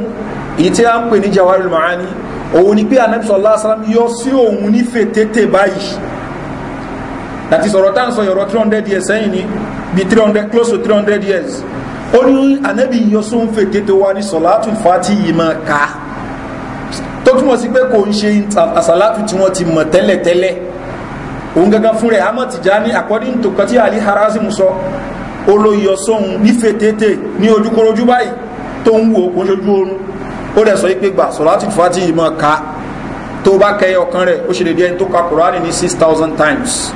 èyí tí a ń pè ní jawari mahani òun ni pé anabi sọlá asalam yọ sí òun nífẹ̀ẹ́ tètè báyìí láti sọ̀rọ̀ tá à ń sọ yọ̀rọ̀ three hundred years sẹ́yìn ni bi three hundred close to three hundred years ó ní anabi yọ sóun fètè tó wá ní sọlátù fati yìí máa kà túmọ̀ sí pé kò ń ṣe àsàlátù tí wọ́n ti mọ̀ tẹ́lẹ̀tẹ́lẹ̀ òun gangan fún rẹ̀ Ahmad Tijani according to kati Ali Harazim sọ olóyè ọsọ́hun nífẹ̀ẹ́ tètè ní ojúkorojú báyìí tó ń wo kó ṣojú oorun ó dẹ̀ sọ pé gbà sọ̀látù fati yìí mọ̀ ká tó bá kẹyọ ọ̀kan rẹ̀ ó ṣe lè di ẹni tó ka Kùránì ní six thousand times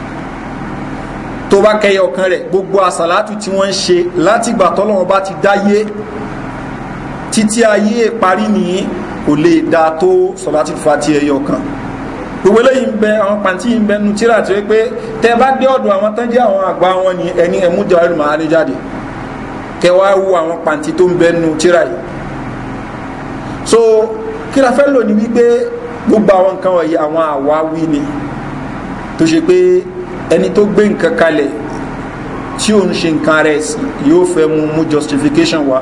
tó bá kẹyọ ọ̀kan rẹ̀ gbogbo àsàlátù tí wọ́n ń ṣe látìgbà tọ́lọ́wọ́n bá ti dáyé títí ayé parí nìyí kò lè da tó sọ̀látì fati ẹyọ kan gbogbo eléyìí ń bẹ àwọn pàǹtí ń bẹ nu tíra tí ó pé tẹ bá dé ọ̀dọ̀ àwọn tán jẹ́ àwọn àgbà wọn ni ẹni ẹ̀mú jàre màá rí jáde kẹ wá wo àwọn pàǹtí tó ń bẹ nu tíra yìí so kí la wípé gbogbo àwọn nǹkan wọ̀nyí àwọn àwáwí ni tó ṣe pé ẹni tó gbé nǹkan kalẹ̀ tí òun ṣe nǹkan rẹ̀ yóò fẹ́ mú mú justification wa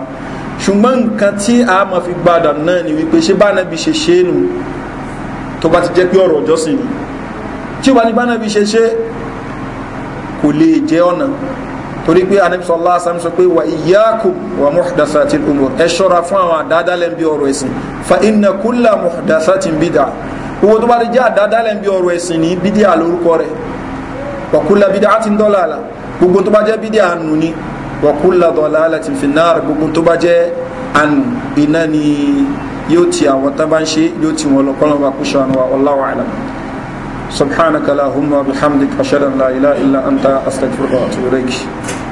ṣùgbọ́n nǹkan tí a máa fi gbadà náà ni wípé ṣé bánabi ṣe ṣe é nù tó bá ti jẹ́ pé ọ̀rọ̀ ọjọ́sìn ni tí ó bá ní bánabi ṣe ṣe kò lè jẹ́ ọ̀nà torí pé anabisọ allah asam sọ pé wa iyakum wa muhdasatin umur ẹ ṣọ́ra fún àwọn àdádálẹ̀ bí ọ̀rọ̀ ẹ̀sìn fa inna kulla muhdasatin bid'a owó tó bá ti jẹ́ àdádálẹ̀ bí ọ̀rọ̀ ẹ̀sìn ní bídíà lórúkọ rẹ̀ wa kulla bid'atin dalala gbogbo tó bá jẹ́ bídíà nù ni wàkúlà dalalatin finnar gbogbo tó bá jẹ́ àánú iná ni yóò ti àwọn tán bá ń ṣe yóò ti wọn lọ kọ́lọ́n bá kú ṣàánú wa wallahu a'lam subhanaka allahumma bihamdika ashhadu an la ilaha illa anta astaghfiruka wa atubu